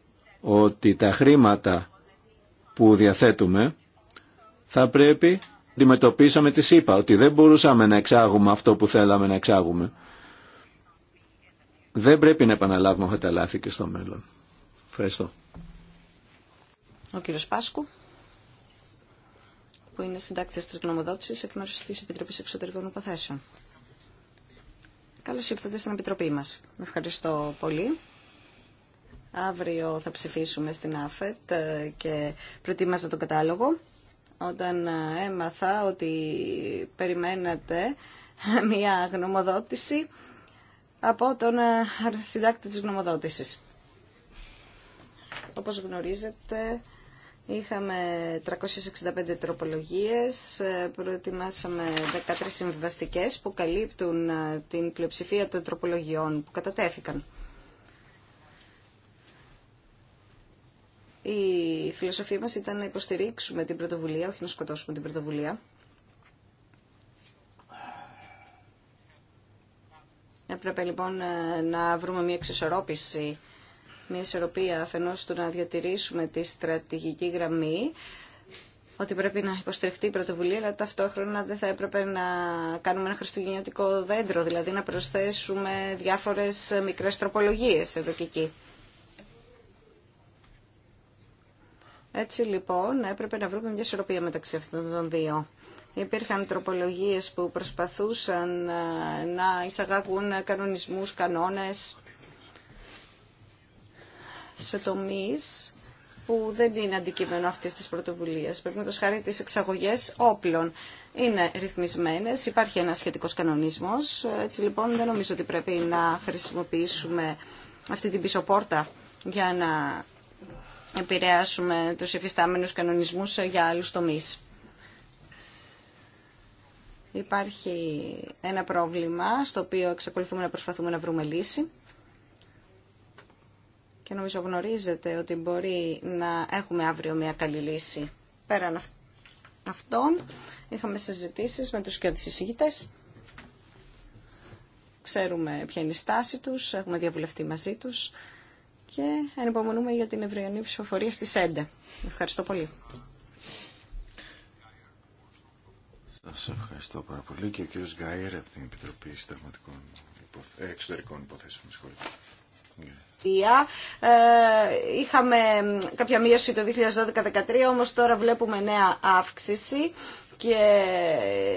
ότι τα χρήματα που διαθέτουμε θα πρέπει αντιμετωπίσαμε τη ΣΥΠΑ, ότι δεν μπορούσαμε να εξάγουμε αυτό που θέλαμε να εξάγουμε. Δεν πρέπει να επαναλάβουμε αυτά τα λάθη και στο μέλλον. Ευχαριστώ. Ο κύριος Πάσκου, που είναι συντάκτης της γνωμοδότησης εκ μέρους της Επιτροπής Εξωτερικών Υποθέσεων. Καλώς ήρθατε στην Επιτροπή μας. Ευχαριστώ πολύ. Αύριο θα ψηφίσουμε στην ΑΦΕΤ ε, και προετοίμαζα τον κατάλογο όταν ε, έμαθα ότι περιμένατε μια γνωμοδότηση από τον ε, συντάκτη της γνωμοδότησης. Όπως γνωρίζετε, είχαμε 365 τροπολογίες, ε, προετοιμάσαμε 13 συμβιβαστικές που καλύπτουν την πλειοψηφία των τροπολογιών που κατατέθηκαν. Η φιλοσοφία μας ήταν να υποστηρίξουμε την πρωτοβουλία, όχι να σκοτώσουμε την πρωτοβουλία. Έπρεπε λοιπόν ε, να βρούμε μια εξισορρόπηση, μια ισορροπία αφενός του να διατηρήσουμε τη στρατηγική γραμμή, ότι πρέπει να υποστηριχτεί η πρωτοβουλία, αλλά ταυτόχρονα δεν θα έπρεπε να κάνουμε ένα χριστουγεννιάτικο δέντρο, δηλαδή να προσθέσουμε διάφορες μικρές τροπολογίες εδώ και εκεί. Έτσι λοιπόν έπρεπε να βρούμε μια ισορροπία μεταξύ αυτών των δύο. Υπήρχαν τροπολογίες που προσπαθούσαν ε, να εισαγάγουν κανονισμούς, κανόνες σε τομείς που δεν είναι αντικείμενο αυτή της πρωτοβουλίας. Πρέπει να το σχάρει τις εξαγωγές όπλων. Είναι ρυθμισμένες, υπάρχει ένας σχετικός κανονισμός. Έτσι λοιπόν δεν νομίζω ότι πρέπει να χρησιμοποιήσουμε αυτή την πίσω πόρτα για να επηρεάσουμε τους εφιστάμενους κανονισμούς για άλλους τομείς. Υπάρχει ένα πρόβλημα στο οποίο εξακολουθούμε να προσπαθούμε να βρούμε λύση και νομίζω γνωρίζετε ότι μπορεί να έχουμε αύριο μια καλή λύση. Πέραν αυτών είχαμε συζητήσεις με τους και Ξέρουμε ποια είναι η στάση τους, έχουμε διαβουλευτεί μαζί τους και ανυπομονούμε για την ευρωιανή ψηφοφορία στις 11. Ευχαριστώ πολύ. Σας ευχαριστώ πάρα πολύ και ο κύριος Γκάιερ από την Επιτροπή Συνταγματικών ε, Εξωτερικών Υποθέσεων. Ε, είχαμε κάποια μείωση το 2012-2013, όμως τώρα βλέπουμε νέα αύξηση και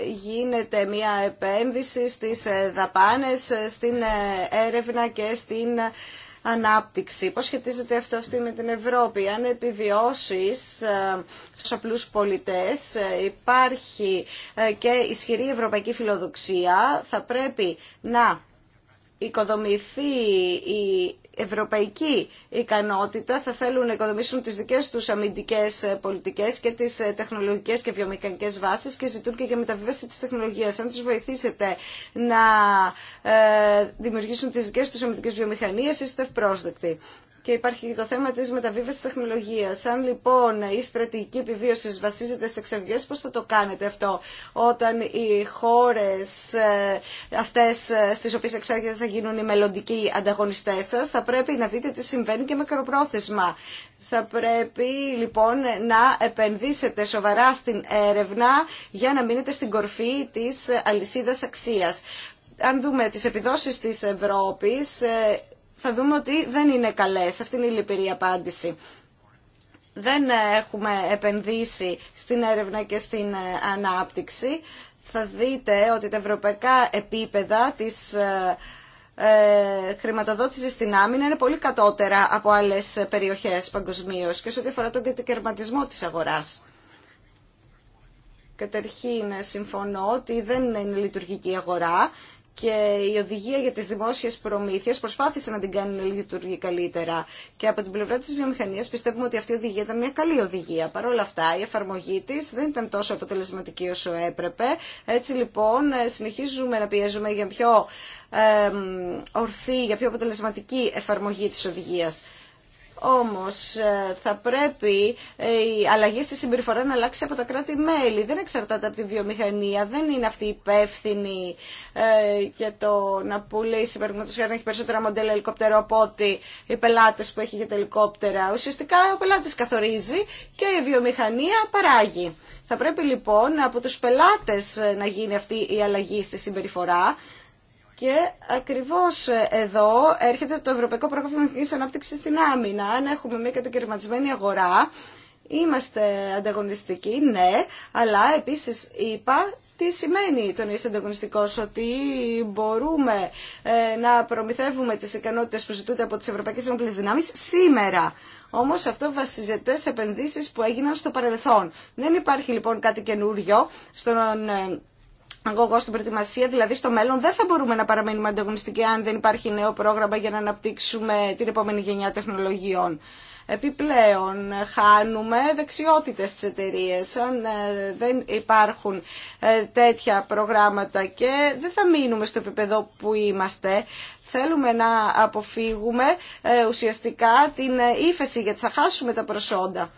γίνεται μια επένδυση στις ε, δαπάνες, στην έρευνα και στην ανάπτυξη. Πώς σχετίζεται αυτό αυτή με την Ευρώπη. Αν επιβιώσεις ε, στους απλούς πολιτές ε, υπάρχει ε, και ισχυρή ευρωπαϊκή φιλοδοξία. Θα πρέπει να οικοδομηθεί η ευρωπαϊκή ικανότητα θα θέλουν να οικοδομήσουν τις δικές τους αμυντικές πολιτικές και τις ε, τεχνολογικές και βιομηχανικές βάσεις και ζητούν και για μεταβίβαση της τεχνολογίας. Αν τους βοηθήσετε να ε, δημιουργήσουν τις δικές τους αμυντικές βιομηχανίες είστε ευπρόσδεκτοι. Και υπάρχει και το θέμα τη μεταβίβαση τεχνολογία. Αν λοιπόν η στρατηγική επιβίωση βασίζεται σε εξαγωγέ, πώ θα το κάνετε αυτό όταν οι χώρε αυτέ ε, στι οποίε εξάγεται θα γίνουν οι μελλοντικοί ανταγωνιστέ σα, θα πρέπει να δείτε τι συμβαίνει και μακροπρόθεσμα. Θα πρέπει λοιπόν να επενδύσετε σοβαρά στην έρευνα για να μείνετε στην κορφή τη αλυσίδα αξία. αν δούμε τις επιδόσεις της Ευρώπης, ε, θα δούμε ότι δεν είναι καλές. Αυτή είναι η λυπηρή απάντηση. Δεν έχουμε επενδύσει στην έρευνα και στην ε, ανάπτυξη. Θα δείτε ότι τα ευρωπαϊκά επίπεδα της ε, ε, χρηματοδότηση στην άμυνα είναι πολύ κατώτερα από άλλες περιοχές παγκοσμίω και σε ό,τι αφορά τον κατοικερματισμό της αγοράς. Καταρχήν συμφωνώ ότι δεν είναι λειτουργική αγορά και η οδηγία για τις δημόσιες προμήθειες προσπάθησε να την κάνει να λειτουργεί καλύτερα. Και από την πλευρά της βιομηχανίας πιστεύουμε ότι αυτή η οδηγία ήταν μια καλή οδηγία. Παρ' όλα αυτά η εφαρμογή της δεν ήταν τόσο αποτελεσματική όσο έπρεπε. Έτσι λοιπόν ε, συνεχίζουμε να πιέζουμε για πιο ε, ορθή, για πιο αποτελεσματική εφαρμογή της οδηγίας. Όμως ε, θα πρέπει ε, η αλλαγή στη συμπεριφορά να αλλάξει από τα κράτη-μέλη. Δεν εξαρτάται από τη βιομηχανία. Δεν είναι αυτή η υπεύθυνη ε, για το να πουλήσει, παραδείγματος χάρη να έχει περισσότερα μοντέλα ελικόπτερο από ότι οι πελάτες που έχει για τα ελικόπτερα. Ουσιαστικά ο πελάτης καθορίζει και η βιομηχανία παράγει. Θα πρέπει λοιπόν από τους πελάτες να γίνει αυτή η αλλαγή στη συμπεριφορά και ακριβώ εδώ έρχεται το Ευρωπαϊκό Πρόγραμμα Μηχανικής Ανάπτυξη στην άμυνα. Αν έχουμε μια κατακαιρματισμένη αγορά, είμαστε ανταγωνιστικοί, ναι, αλλά επίση είπα τι σημαίνει το να είσαι ανταγωνιστικό, ότι μπορούμε ε, να προμηθεύουμε τι ικανότητε που ζητούνται από τι ευρωπαϊκέ ενόπλε δυνάμει σήμερα. Όμω αυτό βασίζεται σε επενδύσει που έγιναν στο παρελθόν. Δεν υπάρχει λοιπόν κάτι καινούριο στον ε, εγώ στην προετοιμασία, δηλαδή στο μέλλον δεν θα μπορούμε να παραμείνουμε ανταγωνιστικοί αν δεν υπάρχει νέο πρόγραμμα για να αναπτύξουμε την επόμενη γενιά τεχνολογιών. Επιπλέον, χάνουμε δεξιότητες στις εταιρείε αν ε, δεν υπάρχουν ε, τέτοια προγράμματα και δεν θα μείνουμε στο επίπεδο που είμαστε. Θέλουμε να αποφύγουμε ε, ουσιαστικά την ύφεση γιατί θα χάσουμε τα προσόντα.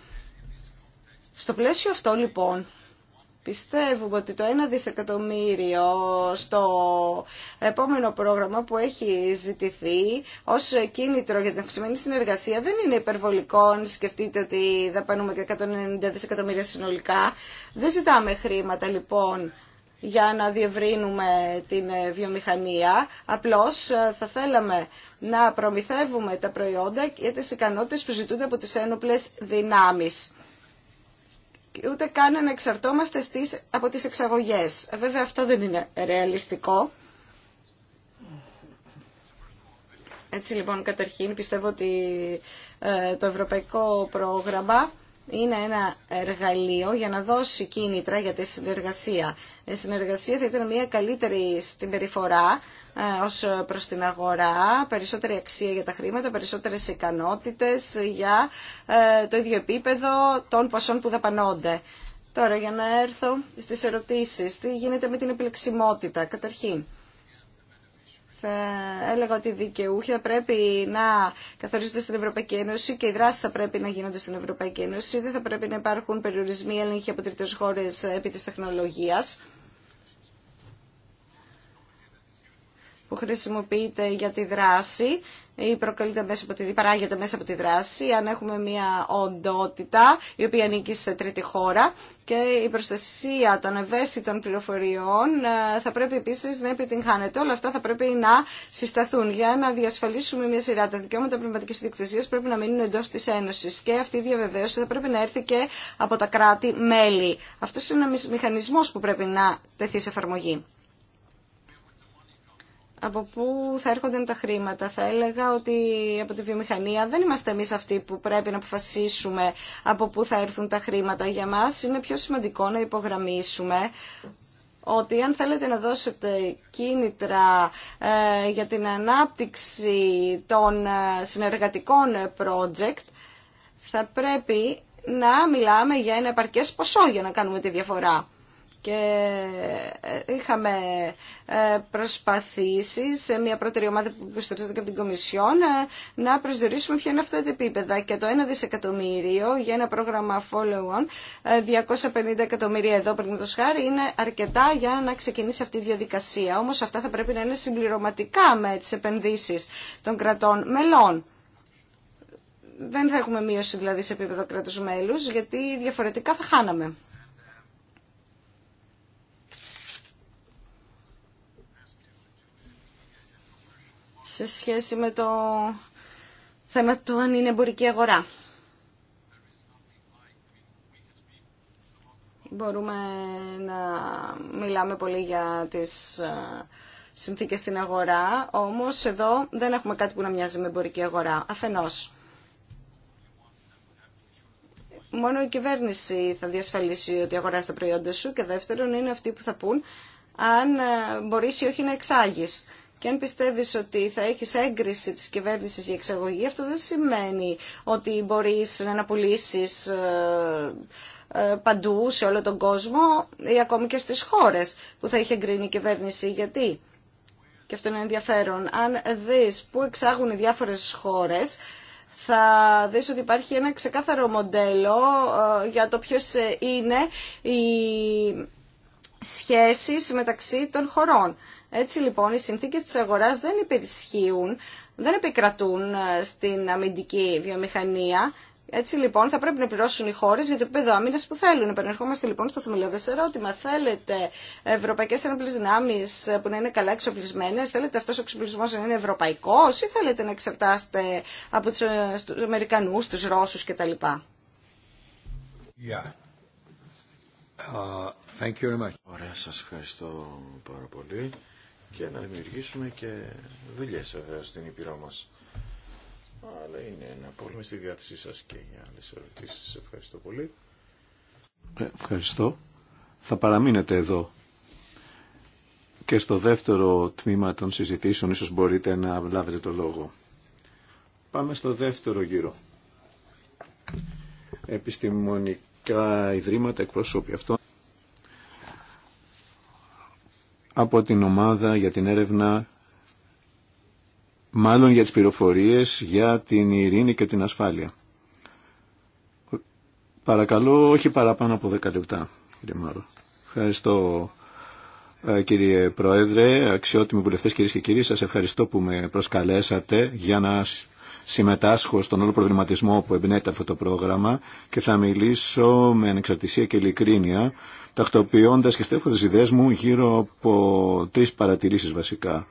Στο πλαίσιο αυτό λοιπόν, Πιστεύουμε ότι το 1 δισεκατομμύριο στο επόμενο πρόγραμμα που έχει ζητηθεί ως κίνητρο για την αυξημένη συνεργασία δεν είναι υπερβολικό σκεφτείτε ότι δαπανούμε και 190 δισεκατομμύρια συνολικά. Δεν ζητάμε χρήματα λοιπόν για να διευρύνουμε την βιομηχανία. Απλώς ε, θα θέλαμε να προμηθεύουμε τα προϊόντα και τις ικανότητες που ζητούνται από τις ένοπλες δυνάμεις ούτε καν να εξαρτώμαστε από τις εξαγωγές. Βέβαια αυτό δεν είναι ρεαλιστικό. Έτσι λοιπόν καταρχήν πιστεύω ότι ε, το ευρωπαϊκό πρόγραμμα είναι ένα εργαλείο για να δώσει κίνητρα για τη συνεργασία. Η συνεργασία θα ήταν μια καλύτερη συμπεριφορά ε, ως προς την αγορά, περισσότερη αξία για τα χρήματα, περισσότερες ικανότητες για ε, το ίδιο επίπεδο των ποσών που δαπανώνται. Τώρα για να έρθω στις ερωτήσεις, τι γίνεται με την επιλεξιμότητα καταρχήν θα ε, έλεγα ότι οι δικαιούχοι θα πρέπει να καθορίζονται στην Ευρωπαϊκή Ένωση και οι δράσει θα πρέπει να γίνονται στην Ευρωπαϊκή Ένωση. Δεν θα πρέπει να υπάρχουν περιορισμοί έλεγχοι από τρίτε χώρε ε, επί τη τεχνολογία που χρησιμοποιείται για τη δράση ή προκαλείται μέσα από τη, ή παράγεται μέσα από τη δράση, αν έχουμε μια οντότητα η προκαλειται μεσα απο παραγεται μεσα απο τη ανήκει σε τρίτη χώρα και η προστασία των ευαίσθητων πληροφοριών ε, θα πρέπει επίσης να επιτυγχάνεται. Όλα αυτά θα πρέπει να συσταθούν για να διασφαλίσουμε μια σειρά. Τα δικαιώματα πνευματική διοκτησίας πρέπει να μείνουν εντό τη Ένωση. και αυτή η διαβεβαίωση θα πρέπει να έρθει και από τα κράτη-μέλη. Αυτό είναι ο μηχανισμό που πρέπει να τεθεί σε εφαρμογή από πού θα έρχονταν τα χρήματα. Θα έλεγα ότι από τη βιομηχανία δεν είμαστε εμείς αυτοί που πρέπει να αποφασίσουμε από πού θα έρθουν τα χρήματα. Για μας είναι πιο σημαντικό να υπογραμμίσουμε ότι αν θέλετε να δώσετε κίνητρα ε, για την ανάπτυξη των ε, συνεργατικών ε, project, θα πρέπει να μιλάμε για ένα επαρκές ποσό για να κάνουμε τη διαφορά και ε, είχαμε ε, προσπαθήσει σε μια πρώτερη ομάδα που υποστηρίζεται και από την Κομισιόν ε, να προσδιορίσουμε ποια είναι αυτά τα επίπεδα και το 1 δισεκατομμύριο για ένα πρόγραμμα follow-on 250 εκατομμύρια εδώ πριν το χάρη είναι αρκετά για να ξεκινήσει αυτή η διαδικασία όμως αυτά θα πρέπει να είναι συμπληρωματικά με τις επενδύσεις των κρατών μελών δεν θα έχουμε μείωση δηλαδή σε επίπεδο κράτους μέλους γιατί διαφορετικά θα χάναμε σε σχέση με το θέμα του αν είναι εμπορική αγορά. Μπορούμε να μιλάμε πολύ για τις ε, συνθήκες στην αγορά, όμως εδώ δεν έχουμε κάτι που να μοιάζει με εμπορική αγορά, αφενός. Μόνο η κυβέρνηση θα διασφαλίσει ότι αγοράζει τα προϊόντα σου και δεύτερον είναι αυτοί που θα πούν αν ε, μπορείς ή όχι να εξάγεις. Και αν πιστεύεις ότι θα έχεις έγκριση τη κυβέρνηση για εξαγωγή, αυτό δεν σημαίνει ότι μπορείς να πουλήσει ε, ε, παντού σε όλο τον κόσμο ή ακόμη και στις χώρες που θα έχει εγκρίνει η κυβέρνηση. Γιατί, και αυτό είναι ενδιαφέρον, αν δεις που εξάγουν οι διάφορες χώρες, θα δεις ότι υπάρχει ένα ξεκάθαρο μοντέλο ε, για το ποιος είναι οι σχέσεις μεταξύ των χωρών. Έτσι λοιπόν οι συνθήκες της αγοράς δεν υπερισχύουν, δεν επικρατούν ε, στην αμυντική βιομηχανία. Έτσι λοιπόν θα πρέπει να πληρώσουν οι χώρε για το επίπεδο αμύνας που θέλουν. Επανερχόμαστε λοιπόν στο θεμελιώδες ερώτημα. Θέλετε ευρωπαϊκές ενόπλες δυνάμεις ε, που να είναι καλά εξοπλισμένες, θέλετε αυτός ο εξοπλισμός να είναι ευρωπαϊκός ή θέλετε να εξαρτάστε από τους ε, Αμερικανού, του Ρώσους κτλ. Yeah. Uh, thank you very much. Ωραία, σας ευχαριστώ πάρα πολύ και να δημιουργήσουμε και δουλειές βέβαια στην Ήπειρό μας. Αλλά είναι ένα πολύ στη διάθεσή σας και για άλλες ερωτήσεις. Ευχαριστώ πολύ. Ε, ευχαριστώ. Θα παραμείνετε εδώ και στο δεύτερο τμήμα των συζητήσεων ίσως μπορείτε να λάβετε το λόγο. Πάμε στο δεύτερο γύρο. Επιστημονικά ιδρύματα εκπροσώπη αυτών. από την ομάδα για την έρευνα, μάλλον για τις πληροφορίες, για την ειρήνη και την ασφάλεια. Παρακαλώ, όχι παραπάνω από 10 λεπτά, κύριε Μάρο. Ευχαριστώ, ε, κύριε Πρόεδρε, αξιότιμοι βουλευτές, κυρίες και κύριοι. Σας ευχαριστώ που με προσκαλέσατε για να συμμετάσχω στον όλο προβληματισμό που εμπνέεται αυτό το πρόγραμμα και θα μιλήσω με ανεξαρτησία και ειλικρίνεια, τακτοποιώντας και στρέφοντα ιδέες μου γύρω από τρει παρατηρήσει βασικά.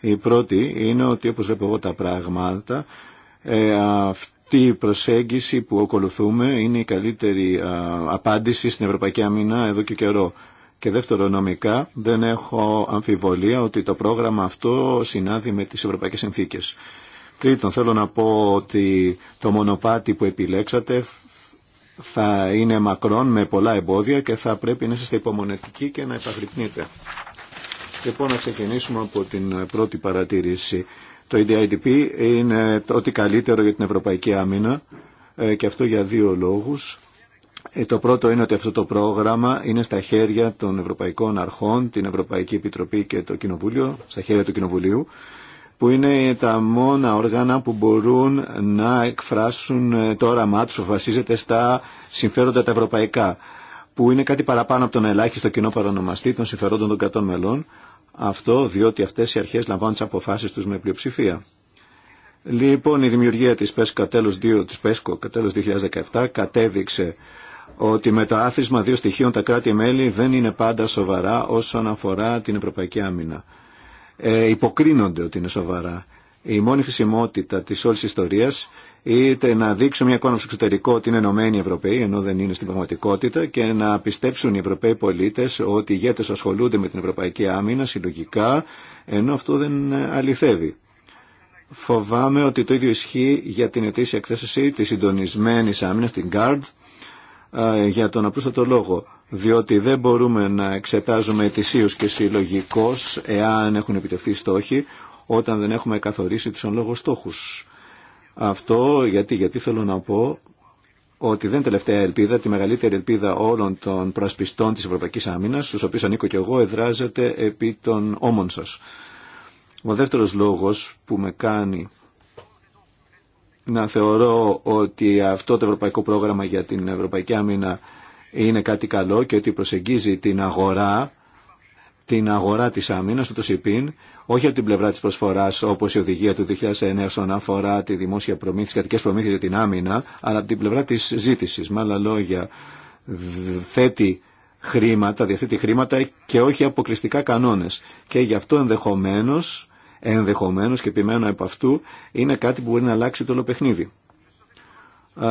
Η πρώτη είναι ότι όπω βλέπω εγώ τα πράγματα, ε, αυτή η προσέγγιση που ακολουθούμε είναι η καλύτερη απάντηση στην Ευρωπαϊκή Αμήνα εδώ και καιρό. Και δεύτερο, νομικά δεν έχω αμφιβολία ότι το πρόγραμμα αυτό συνάδει με τις ευρωπαϊκές συνθήκες. Τρίτον, θέλω να πω ότι το μονοπάτι που επιλέξατε θα είναι μακρόν με πολλά εμπόδια και θα πρέπει να είστε υπομονετικοί και να επαγρυπνείτε. Λοιπόν, να ξεκινήσουμε από την πρώτη παρατήρηση. Το EDIDP είναι ό,τι καλύτερο για την Ευρωπαϊκή Άμυνα ε, και αυτό για δύο λόγους. Ε, το πρώτο είναι ότι αυτό το πρόγραμμα είναι στα χέρια των Ευρωπαϊκών Αρχών, την Ευρωπαϊκή Επιτροπή και το Κοινοβούλιο, στα χέρια του Κοινοβουλίου που είναι τα μόνα όργανα που μπορούν να εκφράσουν το όραμά του που βασίζεται στα συμφέροντα τα ευρωπαϊκά που είναι κάτι παραπάνω από τον ελάχιστο κοινό παρονομαστή των συμφερόντων των κρατών μελών αυτό διότι αυτέ οι αρχέ λαμβάνουν τι αποφάσει του με πλειοψηφία. Λοιπόν, η δημιουργία της ΠΕΣΚΟ τέλο 2017 κατέδειξε ότι με το άθροισμα δύο στοιχείων τα κράτη-μέλη δεν είναι πάντα σοβαρά όσον αφορά την ευρωπαϊκή άμυνα ε, υποκρίνονται ότι είναι σοβαρά. Η μόνη χρησιμότητα της όλης ιστορίας είτε να δείξουν μια εικόνα στο εξωτερικό ότι είναι ενωμένοι οι Ευρωπαίοι, ενώ δεν είναι στην πραγματικότητα, και να πιστέψουν οι Ευρωπαίοι πολίτε ότι οι ηγέτε ασχολούνται με την Ευρωπαϊκή Άμυνα συλλογικά, ενώ αυτό δεν αληθεύει. Φοβάμαι ότι το ίδιο ισχύει για την ετήσια εκθέσεση τη συντονισμένη άμυνα, την GARD, ε, για τον απλούστατο λόγο διότι δεν μπορούμε να εξετάζουμε ετησίως και συλλογικώ εάν έχουν επιτευχθεί στόχοι όταν δεν έχουμε καθορίσει τους λόγο στόχους. Αυτό γιατί, γιατί θέλω να πω ότι δεν τελευταία ελπίδα, τη μεγαλύτερη ελπίδα όλων των προασπιστών της Ευρωπαϊκής Άμυνας, στους οποίους ανήκω και εγώ, εδράζεται επί των όμων σας. Ο δεύτερος λόγος που με κάνει να θεωρώ ότι αυτό το ευρωπαϊκό πρόγραμμα για την Ευρωπαϊκή Άμυνα είναι κάτι καλό και ότι προσεγγίζει την αγορά την αγορά της άμυνας, του ΣΥΠΗΝ, όχι από την πλευρά της προσφοράς όπως η οδηγία του 2009 όσον αφορά τη δημόσια προμήθεια, κατοικές προμήθειες για την άμυνα, αλλά από την πλευρά της ζήτησης. Με άλλα λόγια, θέτει χρήματα, διαθέτει χρήματα και όχι αποκλειστικά κανόνες. Και γι' αυτό ενδεχομένως, ενδεχομένως και επιμένω από αυτού, είναι κάτι που μπορεί να αλλάξει το όλο παιχνίδι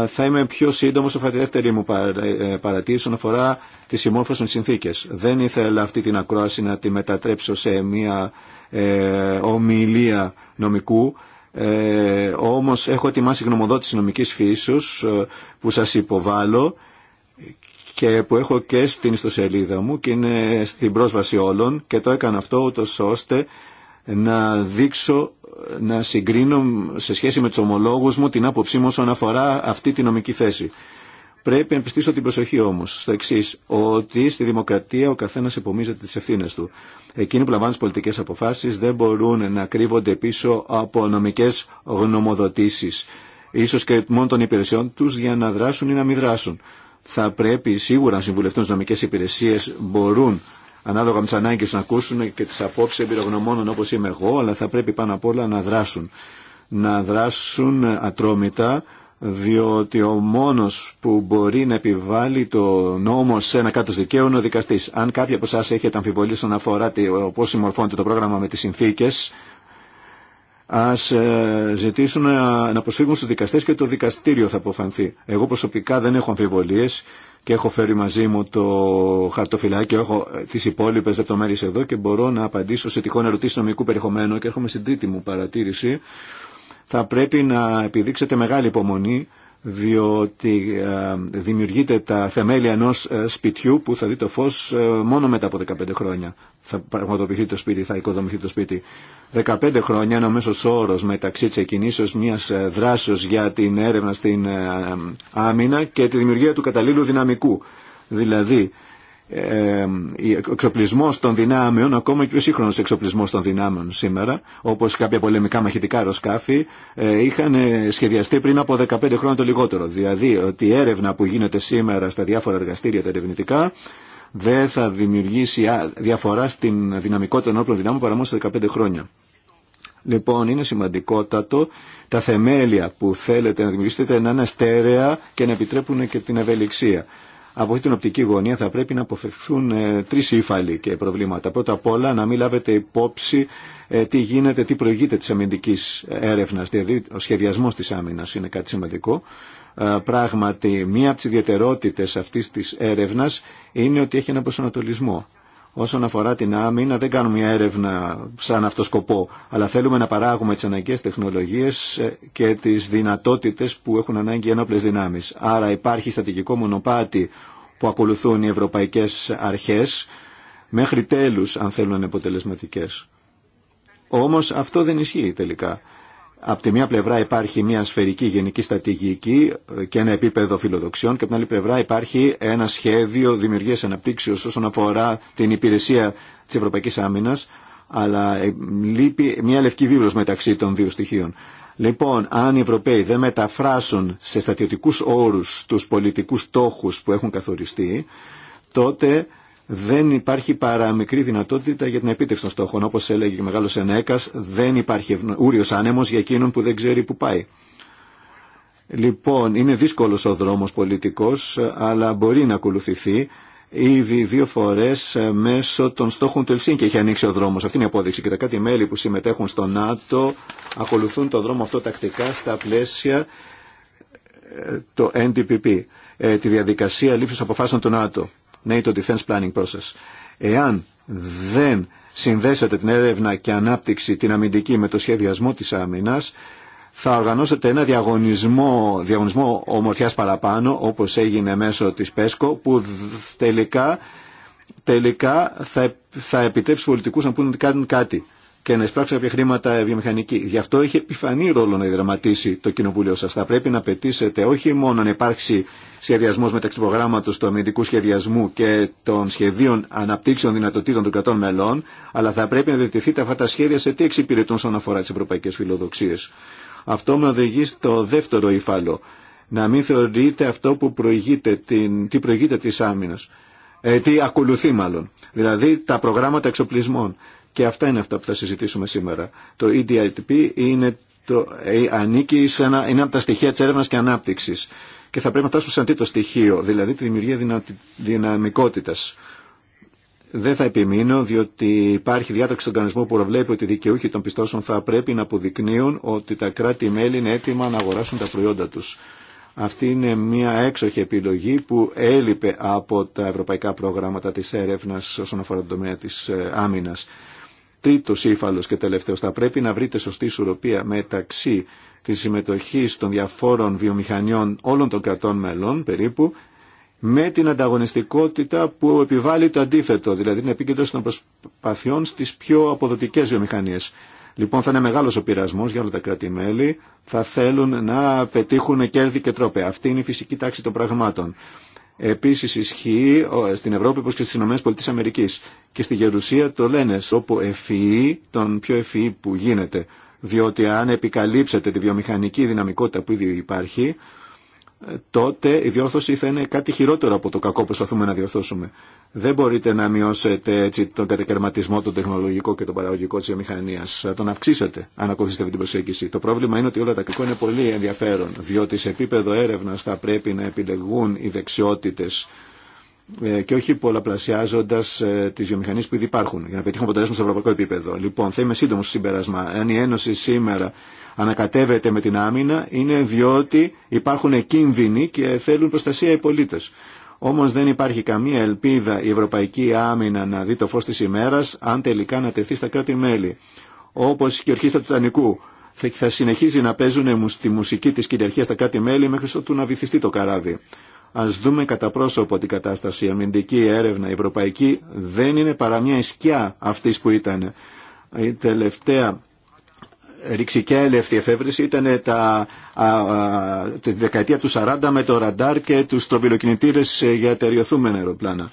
θα είμαι πιο σύντομο σε αυτή τη δεύτερη μου ε, παρατήρηση όσον αφορά τι συμμόρφωση με συνθήκε. Δεν ήθελα αυτή την ακρόαση να τη μετατρέψω σε μια ε, ομιλία νομικού. Ε, όμως έχω ετοιμάσει γνωμοδότηση νομικής φύσεως που σας υποβάλλω και που έχω και στην ιστοσελίδα μου και είναι στην πρόσβαση όλων και το έκανα αυτό ούτως ώστε να δείξω, να συγκρίνω σε σχέση με τους ομολόγους μου την άποψή μου όσον αφορά αυτή τη νομική θέση. Πρέπει να πιστήσω την προσοχή όμως στο εξή ότι στη δημοκρατία ο καθένας υπομίζεται τις ευθύνες του. Εκείνοι που λαμβάνουν τις πολιτικές αποφάσεις δεν μπορούν να κρύβονται πίσω από νομικές γνωμοδοτήσεις, ίσως και μόνο των υπηρεσιών τους για να δράσουν ή να μην δράσουν. Θα πρέπει σίγουρα να συμβουλευτούν τις νομικές υπηρεσίες μπορούν ανάλογα με τι ανάγκε να ακούσουν και τι απόψει εμπειρογνωμόνων όπω είμαι εγώ, αλλά θα πρέπει πάνω απ' όλα να δράσουν. Να δράσουν ατρόμητα, διότι ο μόνος που μπορεί να επιβάλλει το νόμο σε ένα κάτω δικαίου είναι ο δικαστή. Αν κάποιοι από εσά έχετε αμφιβολίε όσον αφορά πώ συμμορφώνεται το πρόγραμμα με τι συνθήκε ας ε, ζητήσουν ε, να προσφύγουν στους δικαστές και το δικαστήριο θα αποφανθεί. Εγώ προσωπικά δεν έχω αμφιβολίες και έχω φέρει μαζί μου το χαρτοφυλάκι, έχω ε, τις υπόλοιπες λεπτομέρειες εδώ και μπορώ να απαντήσω σε τυχόν ερωτήσεις νομικού περιεχομένου και έρχομαι στην τρίτη μου παρατήρηση. Θα πρέπει να επιδείξετε μεγάλη υπομονή διότι ε, δημιουργείται τα θεμέλια ενός ε, σπιτιού που θα δει το φως ε, μόνο μετά από 15 χρόνια. Θα πραγματοποιηθεί το σπίτι, θα οικοδομηθεί το σπίτι. 15 χρόνια είναι ο μέσος όρος μεταξύ της εκκινήσεως μιας δράσεως για την έρευνα στην άμυνα και τη δημιουργία του καταλήλου δυναμικού. Δηλαδή, ε, ο εξοπλισμό των δυνάμεων, ακόμα και ο σύγχρονο εξοπλισμό των δυνάμεων σήμερα, όπω κάποια πολεμικά μαχητικά αεροσκάφη, ε, είχαν ε, σχεδιαστεί πριν από 15 χρόνια το λιγότερο. Δηλαδή ότι η έρευνα που γίνεται σήμερα στα διάφορα εργαστήρια τα ερευνητικά δεν θα δημιουργήσει διαφορά στην δυναμικότητα των όπλων δυνάμεων παρά μόνο σε 15 χρόνια. Λοιπόν, είναι σημαντικότατο τα θεμέλια που θέλετε να δημιουργήσετε να είναι στέρεα και να επιτρέπουν και την ευελιξία. Από αυτή την οπτική γωνία θα πρέπει να αποφευχθούν ε, τρεις ύφαλοι και προβλήματα. Πρώτα απ' όλα να μην λάβετε υπόψη ε, τι γίνεται, τι προηγείται της αμυντικής έρευνας. Δηλαδή ο σχεδιασμός της άμυνας είναι κάτι σημαντικό. Ε, πράγματι, μία από τις ιδιαιτερότητες αυτής της έρευνας είναι ότι έχει ένα προσανατολισμό Όσον αφορά την άμυνα, δεν κάνουμε μια έρευνα σαν αυτό σκοπό, αλλά θέλουμε να παράγουμε τι αναγκαίε τεχνολογίες ε, και τις δυνατότητες που έχουν ανάγκη οι ενόπλε δυνάμεις. Άρα υπάρχει στατικικό μονοπάτι που ακολουθούν οι ευρωπαϊκές αρχές μέχρι τέλους αν θέλουν είναι Όμως αυτό δεν ισχύει τελικά από τη μία πλευρά υπάρχει μια σφαιρική γενική στρατηγική και ένα επίπεδο φιλοδοξιών και από την άλλη πλευρά υπάρχει ένα σχέδιο δημιουργίας αναπτύξεως όσον αφορά την υπηρεσία της Ευρωπαϊκής Άμυνας αλλά ε, λείπει μια λευκή βίβλος μεταξύ των δύο στοιχείων. Λοιπόν, αν οι Ευρωπαίοι δεν μεταφράσουν σε στατιωτικούς όρους τους πολιτικούς στόχους που έχουν καθοριστεί, τότε δεν υπάρχει παρά μικρή δυνατότητα για την επίτευξη των στόχων. Όπω έλεγε και μεγάλο Ενέκα, δεν υπάρχει ούριο άνεμο για εκείνον που δεν ξέρει που πάει. Λοιπόν, είναι δύσκολο ο δρόμο πολιτικό, αλλά μπορεί να ακολουθηθεί. Ήδη δύο φορέ ε, μέσω των στόχων του Ελσίνκη έχει ανοίξει ο δρόμο. Αυτή είναι η απόδειξη. Και τα κάτι μέλη που συμμετέχουν στο ΝΑΤΟ ακολουθούν το δρόμο αυτό τακτικά στα πλαίσια ε, το NDPP, ε, τη διαδικασία λήψη αποφάσεων του ΝΑΤΟ. NATO Defense Planning Process. Εάν δεν συνδέσετε την έρευνα και ανάπτυξη την αμυντική με το σχεδιασμό της άμυνας, θα οργανώσετε ένα διαγωνισμό, διαγωνισμό ομορφιάς παραπάνω, όπως έγινε μέσω της ΠΕΣΚΟ, που τελικά, τελικά θα, θα επιτρέψει πολιτικούς να πούνε ότι κάνουν κάτι και να εισπράξουν κάποια χρήματα βιομηχανική. Γι' αυτό έχει επιφανή ρόλο να δραματίσει το κοινοβούλιο σας. Θα πρέπει να πετήσετε όχι μόνο να υπάρξει σχεδιασμός μεταξύ προγράμματο του αμυντικού σχεδιασμού και των σχεδίων αναπτύξεων δυνατοτήτων των κρατών μελών, αλλά θα πρέπει να διατηρηθείτε αυτά τα σχέδια σε τι εξυπηρετούν όσον αφορά τι ευρωπαϊκέ φιλοδοξίε. Αυτό με οδηγεί στο δεύτερο υφάλο. Να μην θεωρείτε αυτό που προηγείται, την, τι προηγείται τη Άμυνα, Ε, τι ακολουθεί μάλλον. Δηλαδή τα προγράμματα εξοπλισμών. Και αυτά είναι αυτά που θα συζητήσουμε σήμερα. Το EDITP είναι το, ε, ανήκει σε ένα, είναι από τα στοιχεία της έρευνα και ανάπτυξης και θα πρέπει να φτάσουμε σε ένα στοιχείο, δηλαδή τη δημιουργία δυναμικότητα. δυναμικότητας. Δεν θα επιμείνω, διότι υπάρχει διάταξη στον κανονισμό που προβλέπει ότι οι δικαιούχοι των πιστώσεων θα πρέπει να αποδεικνύουν ότι τα κράτη-μέλη είναι έτοιμα να αγοράσουν τα προϊόντα τους. Αυτή είναι μια έξοχη επιλογή που έλειπε από τα ευρωπαϊκά προγράμματα της έρευνας όσον αφορά τον τομέα της ε, άμυνας. Τρίτος ύφαλος και τελευταίος, θα πρέπει να βρείτε σωστή ισορροπία μεταξύ τη συμμετοχή των διαφόρων βιομηχανιών όλων των κρατών μελών περίπου με την ανταγωνιστικότητα που επιβάλλει το αντίθετο, δηλαδή την επίκεντρωση των προσπαθειών στι πιο αποδοτικέ βιομηχανίε. Λοιπόν, θα είναι μεγάλο ο πειρασμό για όλα τα κράτη-μέλη. Θα θέλουν να πετύχουν κέρδη και τρόπε. Αυτή είναι η φυσική τάξη των πραγμάτων. Επίση, ισχύει στην Ευρώπη όπω και στι ΗΠΑ και στη Γερουσία το λένε, όπου ευφυή, τον πιο ευφυή που γίνεται διότι αν επικαλύψετε τη βιομηχανική δυναμικότητα που ήδη υπάρχει, τότε η διόρθωση θα είναι κάτι χειρότερο από το κακό που προσπαθούμε να διορθώσουμε. Δεν μπορείτε να μειώσετε έτσι τον κατακαιρματισμό, τον τεχνολογικό και τον παραγωγικό τη βιομηχανία. Τον αυξήσετε, αν ακολουθήσετε την προσέγγιση. Το πρόβλημα είναι ότι όλα τα κακό είναι πολύ ενδιαφέρον, διότι σε επίπεδο έρευνα θα πρέπει να επιλεγούν οι δεξιότητε ε, και όχι πολλαπλασιάζοντα ε, τι βιομηχανίε που ήδη υπάρχουν για να πετύχουμε αποτελέσματα στο ευρωπαϊκό επίπεδο. Λοιπόν, θα είμαι σύντομο στο συμπέρασμα. Αν η Ένωση σήμερα ανακατεύεται με την άμυνα, είναι διότι υπάρχουν κίνδυνοι και θέλουν προστασία οι πολίτε. Όμω δεν υπάρχει καμία ελπίδα η ευρωπαϊκή άμυνα να δει το φω τη ημέρα, αν τελικά να τεθεί στα κράτη-μέλη. Όπω και η ορχήστρα του Τανικού θα συνεχίζει να παίζουν τη μουσική τη κυριαρχία στα κράτη-μέλη μέχρι ότου να βυθιστεί το καράβι. Ας δούμε κατά πρόσωπο την κατάσταση. Η αμυντική έρευνα η ευρωπαϊκή δεν είναι παρά μια ισκιά αυτής που ήταν. Η τελευταία ρηξικέλευτη εφεύρεση ήταν τα, τη δεκαετία του 40 με το ραντάρ και τους τροβιλοκινητήρες για τεριωθούμενα αεροπλάνα.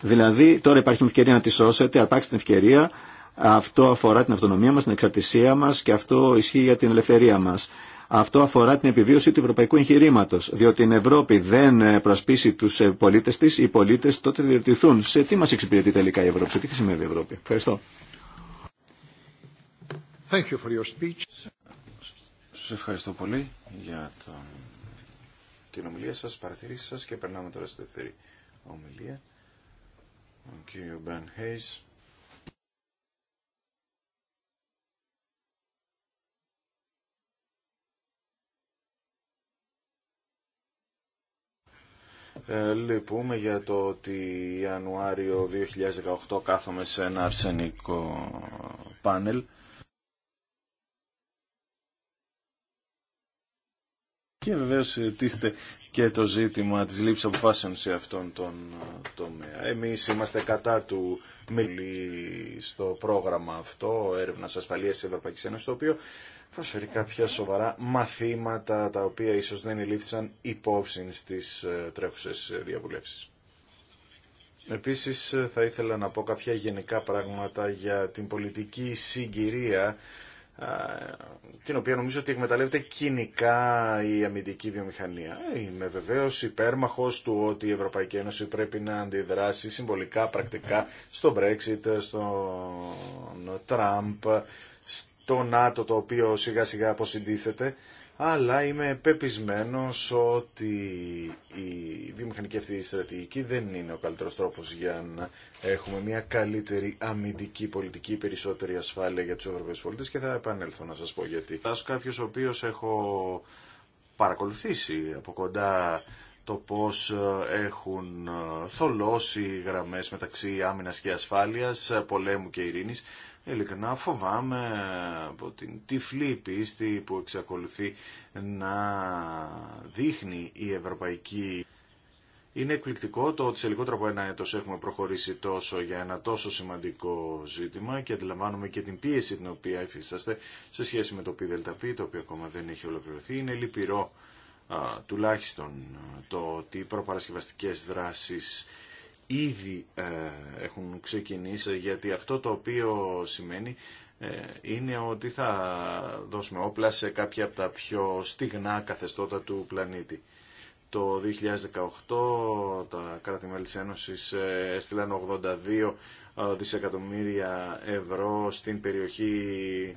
Δηλαδή τώρα υπάρχει μια ευκαιρία να τη σώσετε, αρπάξτε την ευκαιρία. Αυτό αφορά την αυτονομία μας, την εξαρτησία μας και αυτό ισχύει για την ελευθερία μας. Αυτό αφορά την επιβίωση του ευρωπαϊκού εγχειρήματο. Διότι η Ευρώπη δεν ε, προσπίσει του ε, πολίτε τη, οι πολίτε τότε διερωτηθούν σε τι μα εξυπηρετεί τελικά η Ευρώπη, σε τι σημαίνει η Ευρώπη. Ευχαριστώ. Thank you for your speech. Σας ευχαριστώ πολύ για τον... την ομιλία σας, παρατηρήσεις σας και περνάμε τώρα στη δεύτερη ομιλία. Ο Μπεν Ε, λυπούμε για το ότι Ιανουάριο 2018 κάθομαι σε ένα αρσενικό πάνελ. Και βεβαίω ε, τίθεται και το ζήτημα της λήψης αποφάσεων σε αυτόν τον ε, τομέα. Εμείς είμαστε κατά του μιλή στο πρόγραμμα αυτό έρευνας ασφαλείας της Ευρωπαϊκής Ένωσης, το οποίο προσφέρει κάποια σοβαρά μαθήματα τα οποία ίσως δεν ελήφθησαν υπόψη στις ε, τρέχουσες ε, διαβουλεύσεις. Επίσης ε, θα ήθελα να πω κάποια γενικά πράγματα για την πολιτική συγκυρία την οποία νομίζω ότι εκμεταλλεύεται κοινικά η αμυντική βιομηχανία. Είμαι βεβαίως υπέρμαχο του ότι η Ευρωπαϊκή Ένωση πρέπει να αντιδράσει συμβολικά, πρακτικά, στο Brexit, στον Τραμπ, το ΝΑΤΟ το οποίο σιγά σιγά αποσυντήθεται, αλλά είμαι πεπισμένος ότι η βιομηχανική αυτή στρατηγική δεν είναι ο καλύτερος τρόπος για να έχουμε μια καλύτερη αμυντική πολιτική, περισσότερη ασφάλεια για τους Ευρωπαίους πολίτες και θα επανέλθω να σας πω γιατί. Θα κάποιος ο οποίος έχω παρακολουθήσει από κοντά το πώς ε, έχουν ε, θολώσει γραμμές μεταξύ άμυνας και ασφάλειας, ε, πολέμου και ειρήνης ειλικρινά φοβάμαι από την τυφλή πίστη που εξακολουθεί να δείχνει η Ευρωπαϊκή είναι εκπληκτικό το ότι σε λιγότερο από ένα έτος έχουμε προχωρήσει τόσο για ένα τόσο σημαντικό ζήτημα και αντιλαμβάνομαι και την πίεση την οποία υφίσταστε σε σχέση με το ΠΔΠ, το οποίο ακόμα δεν έχει ολοκληρωθεί. Είναι λυπηρό τουλάχιστον το ότι οι προπαρασκευαστικές δράσεις ήδη ε, έχουν ξεκινήσει γιατί αυτό το οποίο σημαίνει ε, είναι ότι θα δώσουμε όπλα σε κάποια από τα πιο στιγνά καθεστώτα του πλανήτη. Το 2018 τα κράτη-μέλη της Ένωσης ε, έστειλαν 82 δισεκατομμύρια ευρώ στην περιοχή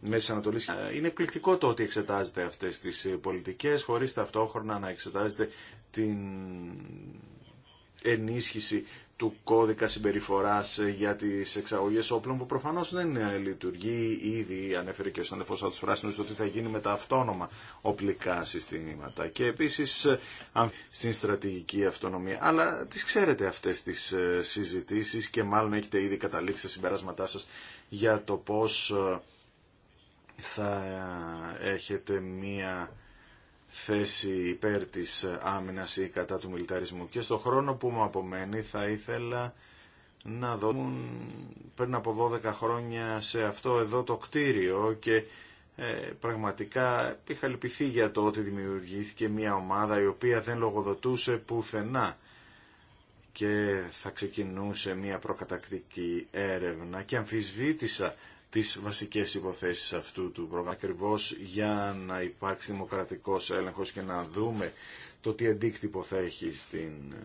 Μέσης Ανατολής. Είναι εκπληκτικό το ότι εξετάζεται αυτές τις πολιτικές χωρίς ταυτόχρονα να εξετάζεται την ενίσχυση του κώδικα συμπεριφοράς για τις εξαγωγές όπλων που προφανώς δεν λειτουργεί ήδη ανέφερε και ο Στανεφός του πράσινου, ότι θα γίνει με τα αυτόνομα οπλικά συστήματα και επίσης στην στρατηγική αυτονομία αλλά τις ξέρετε αυτές τις ε, συζητήσει και μάλλον έχετε ήδη καταλήξει τα συμπεράσματά σας για το πώς ε, θα έχετε μία θέση υπέρ της άμυνας ή κατά του μιλιταρισμού. Και στο χρόνο που μου απομένει θα ήθελα να δω πριν από 12 χρόνια σε αυτό εδώ το κτίριο και ε, πραγματικά είχα λυπηθεί για το ότι δημιουργήθηκε μια ομάδα η οποία δεν λογοδοτούσε πουθενά και θα ξεκινούσε μια προκατακτική έρευνα και αμφισβήτησα τις βασικές υποθέσεις αυτού του προγράμματος. Ακριβώ για να υπάρξει δημοκρατικός έλεγχος και να δούμε το τι αντίκτυπο θα έχει στην ε,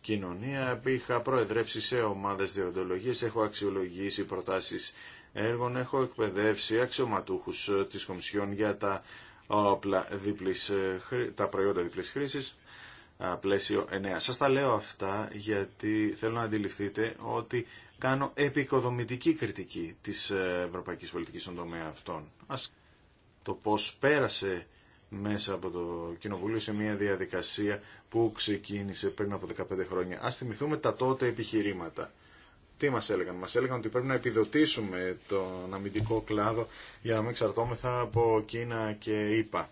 κοινωνία. Είχα προεδρεύσει σε ομάδες διοντολογίες, έχω αξιολογήσει προτάσεις έργων, έχω εκπαιδεύσει αξιωματούχους ε, της Κομισιόν για τα, όπλα διπλής, ε, τα προϊόντα διπλής χρήσης πλαίσιο 9. Σας τα λέω αυτά γιατί θέλω να αντιληφθείτε ότι κάνω επικοδομητική κριτική της ε, ευρωπαϊκής πολιτικής στον τομέα αυτών. Ας το πώς πέρασε μέσα από το Κοινοβούλιο σε μια διαδικασία που ξεκίνησε πριν από 15 χρόνια. Ας θυμηθούμε τα τότε επιχειρήματα. Τι μας έλεγαν. Μας έλεγαν ότι πρέπει να επιδοτήσουμε τον αμυντικό κλάδο για να μην εξαρτώμεθα από Κίνα και ΙΠΑ.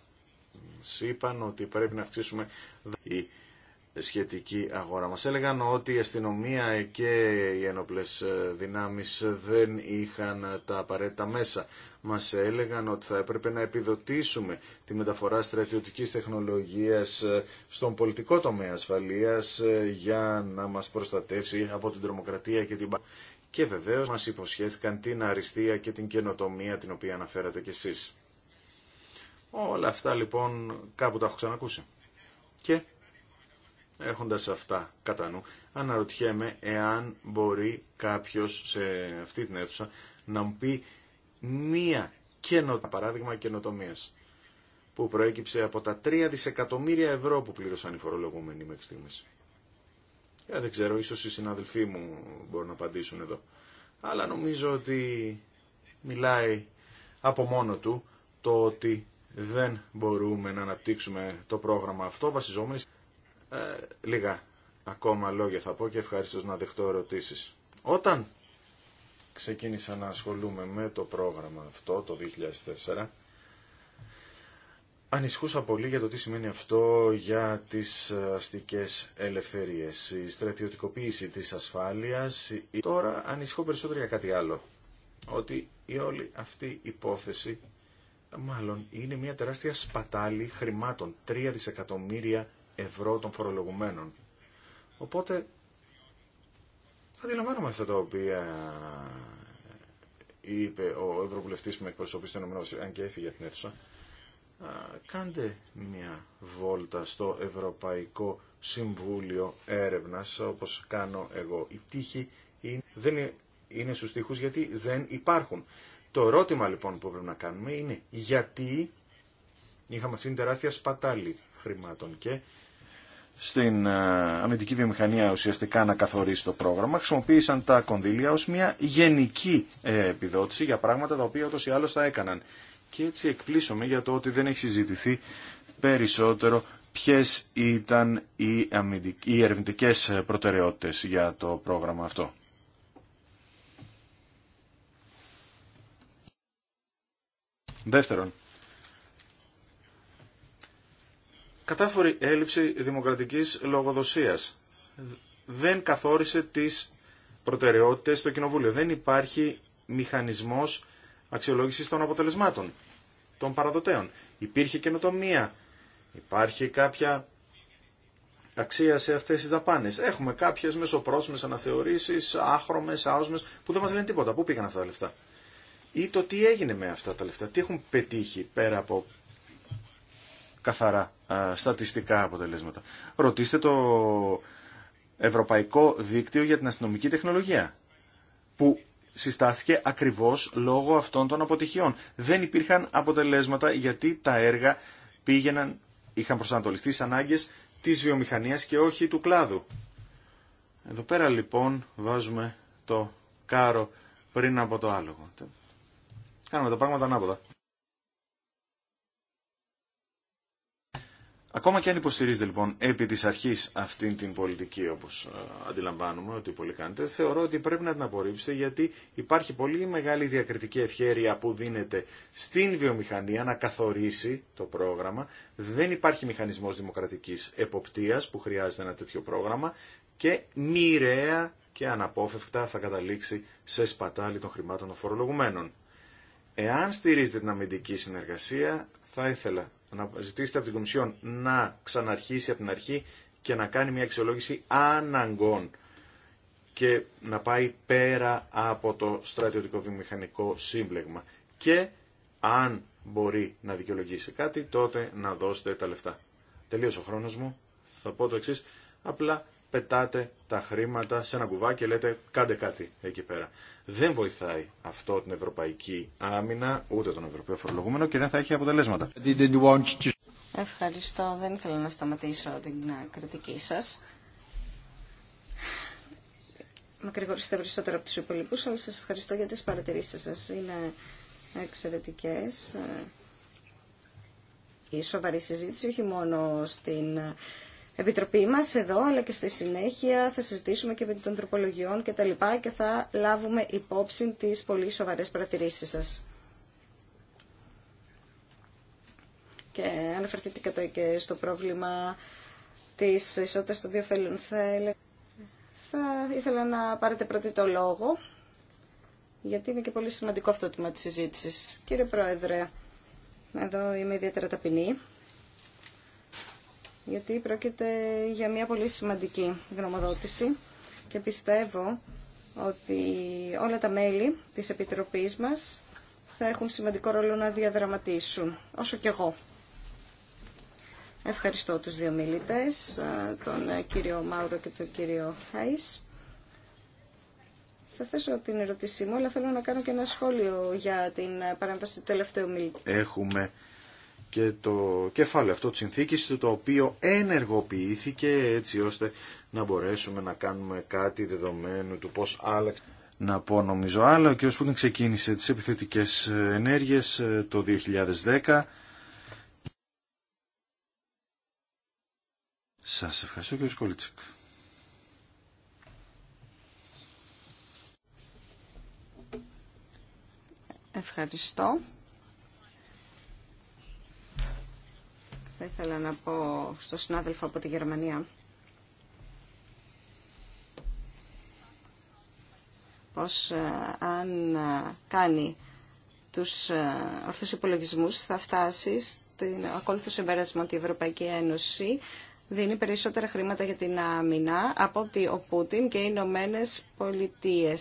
Μας είπαν ότι πρέπει να αυξήσουμε σχετική αγορά. Μας έλεγαν ότι η αστυνομία και οι ένοπλες ε, δυνάμεις δεν είχαν τα απαραίτητα μέσα. Μας έλεγαν ότι θα έπρεπε να επιδοτήσουμε τη μεταφορά στρατιωτικής τεχνολογίας ε, στον πολιτικό τομέα ασφαλείας ε, για να μας προστατεύσει από την τρομοκρατία και την Και βεβαίως μας υποσχέθηκαν την αριστεία και την καινοτομία την οποία αναφέρατε κι εσείς. Όλα αυτά λοιπόν κάπου τα έχω ξανακούσει. Και Έχοντας αυτά κατά νου, αναρωτιέμαι εάν μπορεί κάποιος σε αυτή την αίθουσα να μου πει μία καινο... παράδειγμα καινοτομία που προέκυψε από τα 3 δισεκατομμύρια ευρώ που πλήρωσαν οι φορολογούμενοι μέχρι στιγμής. Ε, δεν ξέρω, ίσως οι συναδελφοί μου μπορούν να απαντήσουν εδώ. Αλλά νομίζω ότι μιλάει από μόνο του το ότι δεν μπορούμε να αναπτύξουμε το πρόγραμμα αυτό βασιζόμενοι ε, λίγα ακόμα λόγια θα πω και ευχαριστώ να δεχτώ ερωτήσεις. Όταν ξεκίνησα να ασχολούμαι με το πρόγραμμα αυτό το 2004, Ανισχούσα πολύ για το τι σημαίνει αυτό για τις αστικές ελευθερίες. Η στρατιωτικοποίηση της ασφάλειας. Τώρα ανισχώ περισσότερο για κάτι άλλο. Ότι η όλη αυτή υπόθεση μάλλον είναι μια τεράστια σπατάλη χρημάτων. 3 δισεκατομμύρια ευρώ των φορολογουμένων. Οπότε αντιλαμβάνομαι αυτά τα οποία είπε ο Ευρωβουλευτή που με εκπροσωπεί στο ΕΕ, αν και έφυγε την αίθουσα. Κάντε μια βόλτα στο Ευρωπαϊκό Συμβούλιο Έρευνα, όπω κάνω εγώ. Η τύχη είναι, δεν είναι στους γιατί δεν υπάρχουν. Το ερώτημα λοιπόν που πρέπει να κάνουμε είναι γιατί είχαμε αυτήν την τεράστια σπατάλη χρημάτων και στην ε, αμυντική βιομηχανία ουσιαστικά να καθορίσει το πρόγραμμα. Χρησιμοποίησαν τα κονδύλια ως μια γενική ε, επιδότηση για πράγματα τα οποία ούτως ή άλλως θα έκαναν. Και έτσι εκπλήσωμαι για το ότι δεν έχει συζητηθεί περισσότερο ποιε ήταν οι, οι ερευνητικές προτεραιότητες για το πρόγραμμα αυτό. Δεύτερον, κατάφορη έλλειψη δημοκρατικής λογοδοσίας. Δεν καθόρισε τις προτεραιότητες στο Κοινοβούλιο. Δεν υπάρχει μηχανισμός αξιολόγησης των αποτελεσμάτων, των παραδοτέων. Υπήρχε καινοτομία, υπάρχει κάποια αξία σε αυτές τις δαπάνες. Έχουμε κάποιες μεσοπρόσμες αναθεωρήσεις, άχρωμες, άοσμες, που δεν μας λένε τίποτα. Πού πήγαν αυτά τα λεφτά. Ή το τι έγινε με αυτά τα λεφτά, τι έχουν πετύχει πέρα από καθαρά στατιστικά αποτελέσματα. Ρωτήστε το Ευρωπαϊκό Δίκτυο για την Αστυνομική Τεχνολογία που συστάθηκε ακριβώς λόγω αυτών των αποτυχιών. Δεν υπήρχαν αποτελέσματα γιατί τα έργα πήγαιναν, είχαν προσανατολιστεί στις ανάγκες της βιομηχανίας και όχι του κλάδου. Εδώ πέρα λοιπόν βάζουμε το κάρο πριν από το άλογο. Κάνουμε τα πράγματα ανάποδα. Ακόμα και αν υποστηρίζετε λοιπόν επί της αρχής αυτήν την πολιτική όπως ε, αντιλαμβάνουμε ότι πολύ κάνετε, θεωρώ ότι πρέπει να την απορρίψετε γιατί υπάρχει πολύ μεγάλη διακριτική ευχέρεια που δίνεται στην βιομηχανία να καθορίσει το πρόγραμμα. Δεν υπάρχει μηχανισμός δημοκρατικής εποπτείας που χρειάζεται ένα τέτοιο πρόγραμμα και μοιραία και αναπόφευκτα θα καταλήξει σε σπατάλη των χρημάτων των φορολογουμένων. Εάν στηρίζετε την αμυντική συνεργασία, θα ήθελα να ζητήσετε από την Κομισιόν να ξαναρχίσει από την αρχή και να κάνει μια αξιολόγηση αναγκών και να πάει πέρα από το στρατιωτικό βιομηχανικό σύμπλεγμα. Και αν μπορεί να δικαιολογήσει κάτι, τότε να δώσετε τα λεφτά. Τελείωσε ο χρόνος μου. Θα πω το εξής. Απλά πετάτε τα χρήματα σε ένα κουβά και λέτε κάντε κάτι εκεί πέρα. Δεν βοηθάει αυτό την ευρωπαϊκή άμυνα, ούτε τον ευρωπαίο φορολογούμενο και δεν θα έχει αποτελέσματα. Ευχαριστώ. Δεν ήθελα να σταματήσω την ε, κριτική σας. Μακρηγορήσετε περισσότερο από τους υπολοιπούς, αλλά σας ευχαριστώ για τις παρατηρήσεις σας. Είναι εξαιρετικές ε, η σοβαρή συζήτηση όχι μόνο στην ε, Επιτροπή μας εδώ, αλλά και στη συνέχεια θα συζητήσουμε και με των τροπολογιών και τα λοιπά και θα λάβουμε υπόψη τις πολύ σοβαρές παρατηρήσεις σας. Και αναφερθείτε και στο πρόβλημα της ισότητας των δύο φέλων. Θα ήθελα να πάρετε πρώτη το λόγο, γιατί είναι και πολύ σημαντικό αυτό το τμήμα της συζήτησης. Κύριε Πρόεδρε, εδώ είμαι ιδιαίτερα ταπεινή γιατί πρόκειται για μια πολύ σημαντική γνωμοδότηση και πιστεύω ότι όλα τα μέλη της Επιτροπής μας θα έχουν σημαντικό ρόλο να διαδραματίσουν, όσο και εγώ. Ευχαριστώ τους δύο μιλητές, τον κύριο Μάουρο και τον κύριο Χάις. Θα θέσω την ερώτησή μου, αλλά θέλω να κάνω και ένα σχόλιο για την παρέμβαση του τελευταίου μιλητή. Έχουμε και το κεφάλαιο αυτό της συνθήκης το οποίο ενεργοποιήθηκε έτσι ώστε να μπορέσουμε να κάνουμε κάτι δεδομένου του πώς άλλαξε. Να πω νομίζω άλλο, ο κ. Πούτιν ξεκίνησε τις επιθετικές ενέργειες ε, το 2010. Σας ευχαριστώ κ. Σκολίτσικ. Ευχαριστώ. Θα ήθελα να πω στον συνάδελφο από τη Γερμανία πως ε, αν ε, κάνει τους ορθούς ε, υπολογισμούς θα φτάσει στην ακόλουθο συμπέρασμα ότι η Ευρωπαϊκή Ένωση δίνει περισσότερα χρήματα για την άμυνα από ότι ο Πούτιν και οι Ηνωμένε Πολιτείε.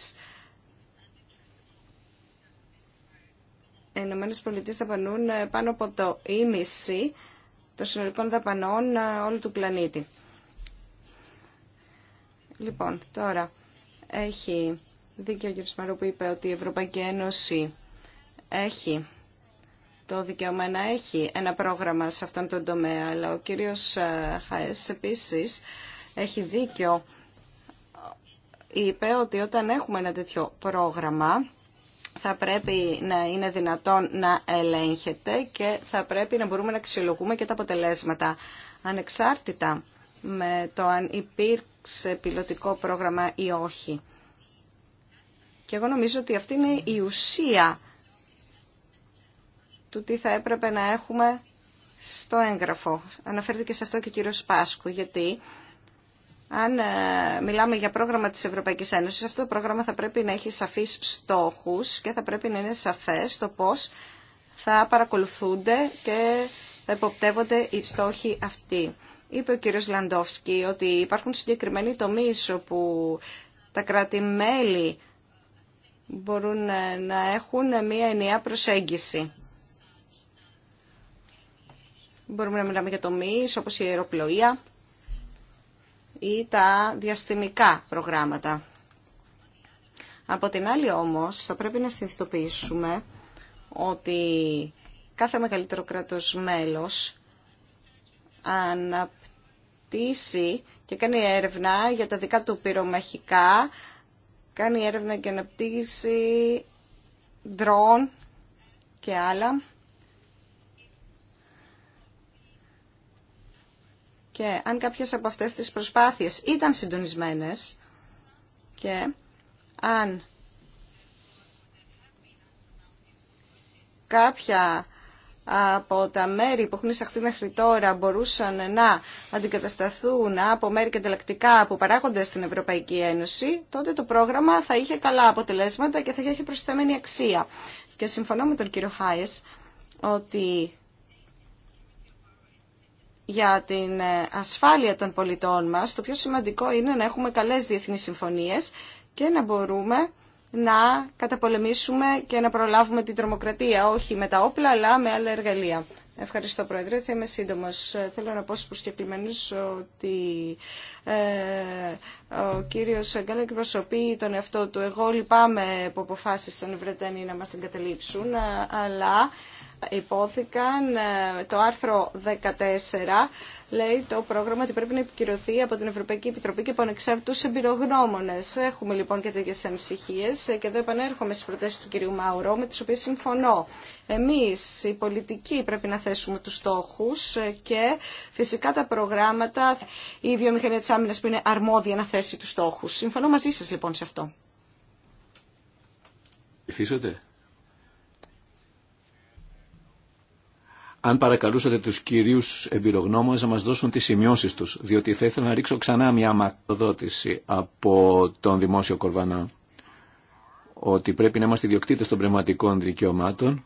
Οι Ηνωμένε Πολιτείε θα πανούν πάνω από το ίμιση των συνολικών δαπανών ε, όλου του πλανήτη. Λοιπόν, τώρα έχει δίκιο ο κ. που είπε ότι η Ευρωπαϊκή Ένωση έχει το δικαίωμα να έχει ένα πρόγραμμα σε αυτόν τον τομέα, αλλά ο κύριος ε, Χαές επίσης έχει δίκιο. Είπε ότι όταν έχουμε ένα τέτοιο πρόγραμμα, θα πρέπει να είναι δυνατόν να ελέγχεται και θα πρέπει να μπορούμε να αξιολογούμε και τα αποτελέσματα. Ανεξάρτητα με το αν υπήρξε πιλωτικό πρόγραμμα ή όχι. Και εγώ νομίζω ότι αυτή είναι η ουσία του τι θα έπρεπε να έχουμε στο έγγραφο. Αναφέρθηκε σε αυτό και ο κύριος Πάσκου, γιατί αν ε, μιλάμε για πρόγραμμα της Ευρωπαϊκής Ένωσης, αυτό το πρόγραμμα θα πρέπει να έχει σαφείς στόχους και θα πρέπει να είναι σαφές το πώς θα παρακολουθούνται και θα υποπτεύονται οι στόχοι αυτοί. Είπε ο κύριος Λαντόφσκι ότι υπάρχουν συγκεκριμένοι τομείς όπου τα κράτη-μέλη μπορούν ε, να έχουν μία ενιαία προσέγγιση. Μπορούμε να μιλάμε για τομείς όπως η αεροπλοεία, ή τα διαστημικά προγράμματα. Από την άλλη όμως θα πρέπει να συνειδητοποιήσουμε ότι κάθε μεγαλύτερο κράτος μέλος αναπτύσσει και κάνει έρευνα για τα δικά του πυρομαχικά, κάνει έρευνα και αναπτύσσει δρόν και άλλα Και αν κάποιες από αυτές τις προσπάθειες ήταν συντονισμένες και αν κάποια από τα μέρη που έχουν εισαχθεί μέχρι τώρα μπορούσαν να αντικατασταθούν από μέρη και που παράγονται στην Ευρωπαϊκή Ένωση, τότε το πρόγραμμα θα είχε καλά αποτελέσματα και θα είχε προσθεμένη αξία. Και συμφωνώ με τον κύριο Χάιες ότι για την ε, ασφάλεια των πολιτών μας, το πιο σημαντικό είναι να έχουμε καλές διεθνείς συμφωνίες και να μπορούμε να καταπολεμήσουμε και να προλάβουμε την τρομοκρατία, όχι με τα όπλα, αλλά με άλλα εργαλεία. Ευχαριστώ, Πρόεδρε. Θα είμαι σύντομο. Ε, θέλω να πω στου προσκεκλημένου ότι ε, ο κύριο προσωπεί τον εαυτό του. Εγώ λυπάμαι που αποφάσισαν οι Βρετανοί να μα εγκαταλείψουν, ε, αλλά υπόθηκαν. Ε, το άρθρο 14 λέει το πρόγραμμα ότι πρέπει να επικυρωθεί από την Ευρωπαϊκή Επιτροπή και από ανεξάρτητους εμπειρογνώμονες. Έχουμε λοιπόν και τέτοιες ανησυχίες ε, και εδώ επανέρχομαι στις προτάσεις του κυρίου Μάουρο με τις οποίες συμφωνώ. Εμείς οι πολιτικοί πρέπει να θέσουμε τους στόχους ε, και φυσικά τα προγράμματα, η βιομηχανία της άμυνας που είναι αρμόδια να θέσει τους στόχους. Συμφωνώ μαζί σας λοιπόν σε αυτό. αν παρακαλούσατε τους κυρίους εμπειρογνώμονες να μας δώσουν τις σημειώσεις τους, διότι θα ήθελα να ρίξω ξανά μια μακροδότηση από τον Δημόσιο Κορβανά, ότι πρέπει να είμαστε ιδιοκτήτες των πνευματικών δικαιωμάτων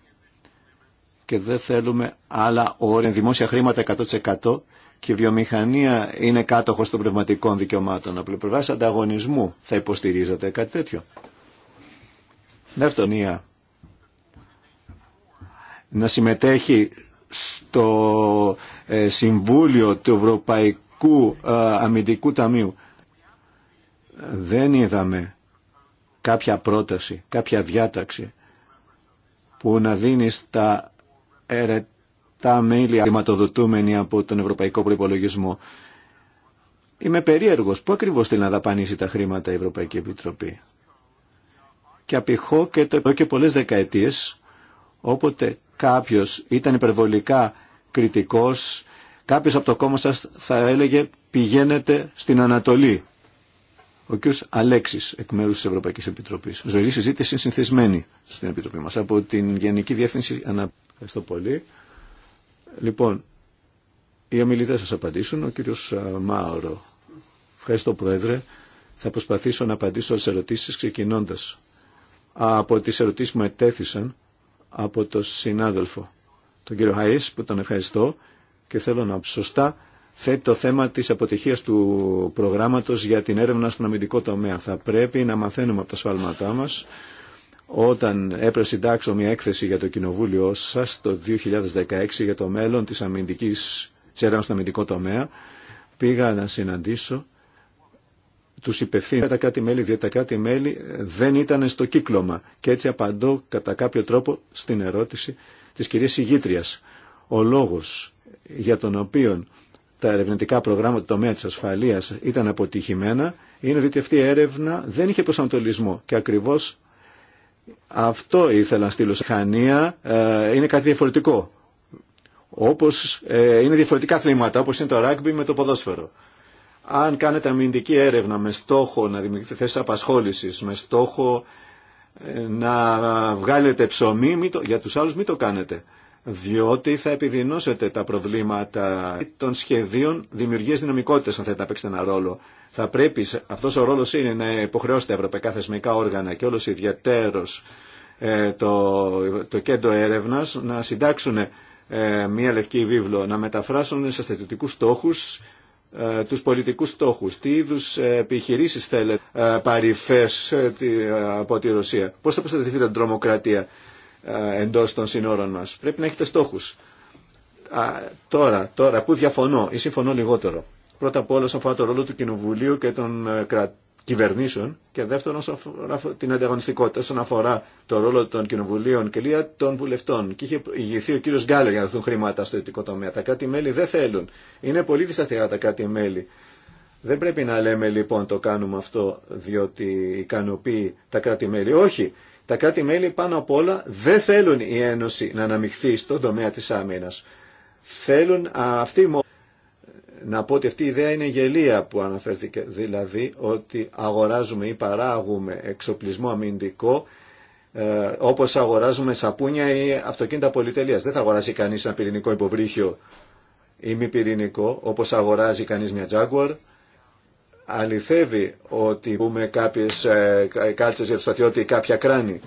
και δεν θέλουμε άλλα όρια, δημόσια χρήματα 100% και η βιομηχανία είναι κάτοχος των πνευματικών δικαιωμάτων. Από πλευράς ανταγωνισμού θα υποστηρίζετε κάτι τέτοιο. Δεύτερον, να συμμετέχει στο ε, Συμβούλιο του Ευρωπαϊκού ε, Αμυντικού Ταμείου. Δεν είδαμε κάποια πρόταση, κάποια διάταξη που να δίνει στα ερετά μέλη χρηματοδοτούμενη από τον Ευρωπαϊκό Προϋπολογισμό. Είμαι περίεργος. Πού ακριβώς θέλει να δαπανίσει τα χρήματα η Ευρωπαϊκή Επιτροπή. Και απηχώ και το και πολλές δεκαετίες όποτε κάποιος ήταν υπερβολικά κριτικός, κάποιος από το κόμμα σας θα έλεγε πηγαίνετε στην Ανατολή. Ο κ. Αλέξης, εκ μέρους της Ευρωπαϊκής Επιτροπής. Ζωή συζήτηση συνθισμένη στην Επιτροπή μας από την Γενική Διεύθυνση Ανα... Ευχαριστώ πολύ. Λοιπόν, οι ομιλητέ σας απαντήσουν. Ο κύριος Μάωρο. Ευχαριστώ Πρόεδρε. Θα προσπαθήσω να απαντήσω στις ερωτήσεις ξεκινώντας από τις ερωτήσεις που μετέθησαν από τον συνάδελφο, τον κύριο Χαΐς, που τον ευχαριστώ και θέλω να σωστά θέτει το θέμα της αποτυχίας του προγράμματος για την έρευνα στον αμυντικό τομέα. Θα πρέπει να μαθαίνουμε από τα σφάλματά μας. Όταν έπρεπε συντάξω μια έκθεση για το κοινοβούλιο σας το 2016 για το μέλλον της αμυντικής της έρευνας στον αμυντικό τομέα, πήγα να συναντήσω του υπευθύνους τα κράτη-μέλη, διότι τα κράτη-μέλη δεν ήταν στο κύκλωμα. Και έτσι απαντώ κατά κάποιο τρόπο στην ερώτηση τη κυρία Ιγήτριας. Ο λόγο για τον οποίο τα ερευνητικά προγράμματα του τομέα τη ασφαλεία ήταν αποτυχημένα είναι ότι αυτή η έρευνα δεν είχε προσανατολισμό και ακριβώ αυτό ήθελα να στείλω. Χανία ε, είναι κάτι διαφορετικό. Όπως ε, είναι διαφορετικά θλήματα, όπως είναι το ράγμπι με το ποδόσφαιρο. Αν κάνετε αμυντική έρευνα με στόχο να δημιουργείτε θέσει απασχόληση, με στόχο ε, να βγάλετε ψωμί, το, για τους άλλους μην το κάνετε. Διότι θα επιδεινώσετε τα προβλήματα των σχεδίων δημιουργίας δυναμικότητας αν θέλετε να παίξετε ένα ρόλο. Θα πρέπει, αυτός ο ρόλος είναι να υποχρεώσετε ευρωπαϊκά θεσμικά όργανα και όλος ιδιαίτερος ε, το, το κέντρο έρευνας να συντάξουν ε, μία λευκή βίβλο, να μεταφράσουν σε στατιωτικούς στόχους ε, τους πολιτικούς στόχους, τι είδους ε, επιχειρήσεις θέλετε ε, παρυφές από τη Ρωσία, πώς θα προστατευτείτε την τρομοκρατία εντός των συνόρων μας. Πρέπει να έχετε στόχους. τώρα, τώρα, που διαφωνώ ή συμφωνώ λιγότερο. Πρώτα απ' όλα, όσον αφορά το ρόλο του Κοινοβουλίου και των κρατών κυβερνήσεων και δεύτερον όσον αφορά την ανταγωνιστικότητα, όσον αφορά το ρόλο των κοινοβουλίων και λίγα των βουλευτών. Και είχε ηγηθεί ο κύριο Γκάλερ για να δοθούν χρήματα στο ειδικό τομέα. Τα κράτη-μέλη δεν θέλουν. Είναι πολύ δυσταθερά τα κράτη-μέλη. Δεν πρέπει να λέμε λοιπόν το κάνουμε αυτό διότι ικανοποιεί τα κράτη-μέλη. Όχι. Τα κράτη-μέλη πάνω απ' όλα δεν θέλουν η Ένωση να αναμειχθεί στον τομέα τη άμυνα. Θέλουν αυτοί μόνο να πω ότι αυτή η ιδέα είναι γελία που αναφέρθηκε, δηλαδή ότι αγοράζουμε ή παράγουμε εξοπλισμό αμυντικό ε, όπως αγοράζουμε σαπούνια ή αυτοκίνητα πολυτελείας. Δεν θα αγοράσει κανείς ένα πυρηνικό υποβρύχιο ή μη πυρηνικό όπως αγοράζει κανείς μια Jaguar. Αληθεύει ότι πούμε κάποιες ε, κάλτσες για το στρατιώτη ή κάποια κράνη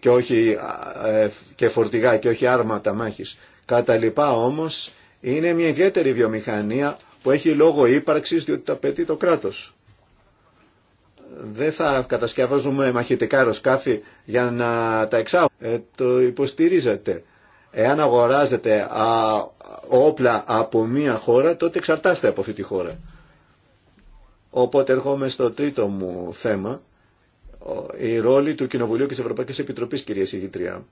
και, όχι, ε, και φορτηγά και όχι άρματα μάχης. Κατά λοιπά όμως είναι μια ιδιαίτερη βιομηχανία που έχει λόγο ύπαρξη διότι το απαιτεί το κράτο. Δεν θα κατασκευάζουμε μαχητικά αεροσκάφη για να τα εξάγουμε. Ε, το υποστηρίζετε. Εάν αγοράζετε όπλα από μία χώρα, τότε εξαρτάστε από αυτή τη χώρα. Οπότε ερχόμαι στο τρίτο μου θέμα, η ρόλη του Κοινοβουλίου και της Ευρωπαϊκής Επιτροπής, κυρία Συγητρία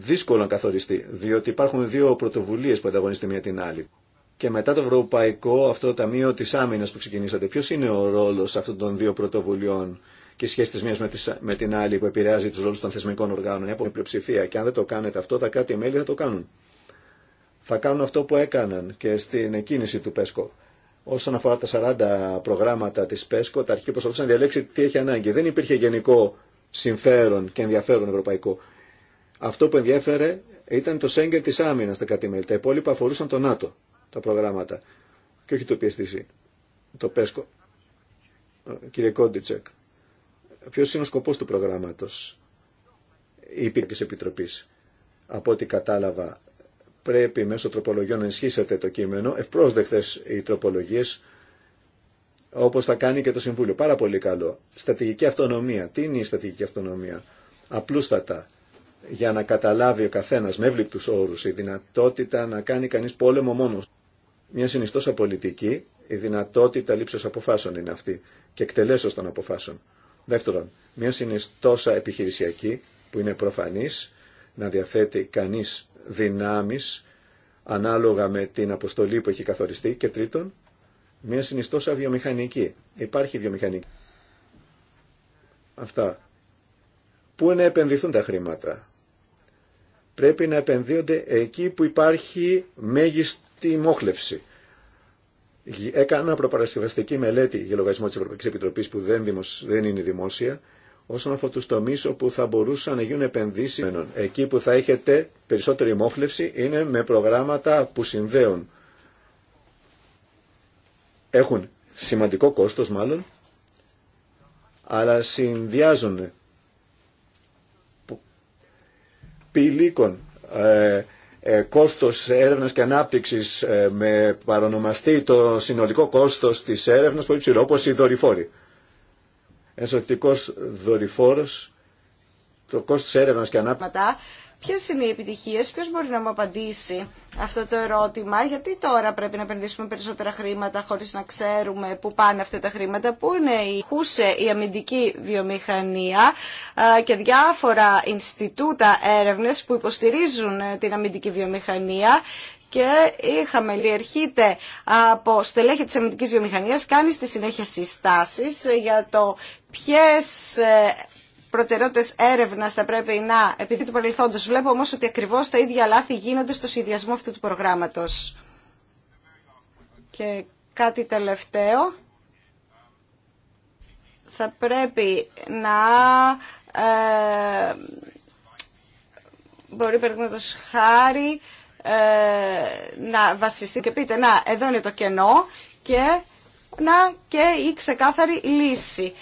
δύσκολο να καθοριστεί, διότι υπάρχουν δύο πρωτοβουλίε που ανταγωνίζονται μία την άλλη. Και μετά το Ευρωπαϊκό αυτό το Ταμείο τη Άμυνα που ξεκινήσατε, ποιο είναι ο ρόλο αυτών των δύο πρωτοβουλειών και η σχέση τη μία με την άλλη που επηρεάζει του ρόλου των θεσμικών οργάνων. Είναι πλειοψηφία. Και αν δεν το κάνετε αυτό, τα κράτη-μέλη θα το κάνουν. Θα κάνουν αυτό που έκαναν και στην εκκίνηση του ΠΕΣΚΟ. Όσον αφορά τα 40 προγράμματα τη ΠΕΣΚΟ, τα αρχή να διαλέξει τι έχει ανάγκη. Δεν υπήρχε γενικό συμφέρον και ενδιαφέρον ευρωπαϊκό. Αυτό που ενδιέφερε ήταν το Σέγγεν τη άμυνα στα κατημέλη. Τα υπόλοιπα αφορούσαν το ΝΑΤΟ, τα προγράμματα. Και όχι το PSTC, το ΠΕΣΚΟ. Κύριε Κόντιτσεκ, ποιο είναι ο σκοπό του προγράμματο, η επιτροπής. Επιτροπή. Από ό,τι κατάλαβα, πρέπει μέσω τροπολογιών να ενισχύσετε το κείμενο. Ευπρόσδεκτε οι τροπολογίε, όπω θα κάνει και το Συμβούλιο. Πάρα πολύ καλό. Στατηγική αυτονομία. Τι είναι η στατηγική αυτονομία. Απλούστατα για να καταλάβει ο καθένας με εύληπτους όρους η δυνατότητα να κάνει κανείς πόλεμο μόνος. Μια συνιστόσα πολιτική, η δυνατότητα λήψεως αποφάσεων είναι αυτή και εκτελέσεως των αποφάσεων. Δεύτερον, μια συνιστόσα επιχειρησιακή που είναι προφανής να διαθέτει κανείς δυνάμεις ανάλογα με την αποστολή που έχει καθοριστεί και τρίτον, μια συνιστόσα βιομηχανική. Υπάρχει βιομηχανική. Αυτά. Πού να επενδυθούν τα χρήματα πρέπει να επενδύονται εκεί που υπάρχει μέγιστη μόχλευση. Έκανα προπαρασκευαστική μελέτη για λογαριασμό τη Ευρωπαϊκή Επιτροπή που δεν, δεν είναι δημόσια όσον αφορά του τομεί όπου θα μπορούσαν να γίνουν επενδύσει. Εκεί που θα έχετε περισσότερη μόχλευση είναι με προγράμματα που συνδέουν. Έχουν σημαντικό κόστος μάλλον, αλλά συνδυάζουν πηλίκων ε, ε, κόστος έρευνας και ανάπτυξης ε, με παρονομαστή το συνολικό κόστος της έρευνας πολύ ψηλό, όπως οι δορυφόροι. Ενσωτικός δορυφόρος, το κόστος έρευνας και ανάπτυξης Ποιε είναι οι επιτυχίε, ποιο μπορεί να μου απαντήσει αυτό το ερώτημα, γιατί τώρα πρέπει να επενδύσουμε περισσότερα χρήματα χωρί να ξέρουμε πού πάνε αυτά τα χρήματα, πού είναι η χούσε η αμυντική βιομηχανία και διάφορα Ινστιτούτα έρευνε που υποστηρίζουν ε, την αμυντική βιομηχανία και είχαμε λιερχείται από στελέχη της αμυντικής βιομηχανίας, κάνει στη συνέχεια συστάσεις ε, για το ποιες ε, προτεραιότητε έρευνα θα πρέπει να επειδή του παρελθόντος. Βλέπω όμω ότι ακριβώς τα ίδια λάθη γίνονται στο σχεδιασμό αυτού του προγράμματος. Και κάτι τελευταίο. Θα πρέπει να... Ε, μπορεί παραδείγματο χάρη ε, να βασιστεί και πείτε να εδώ είναι το κενό και να και η ξεκάθαρη λύση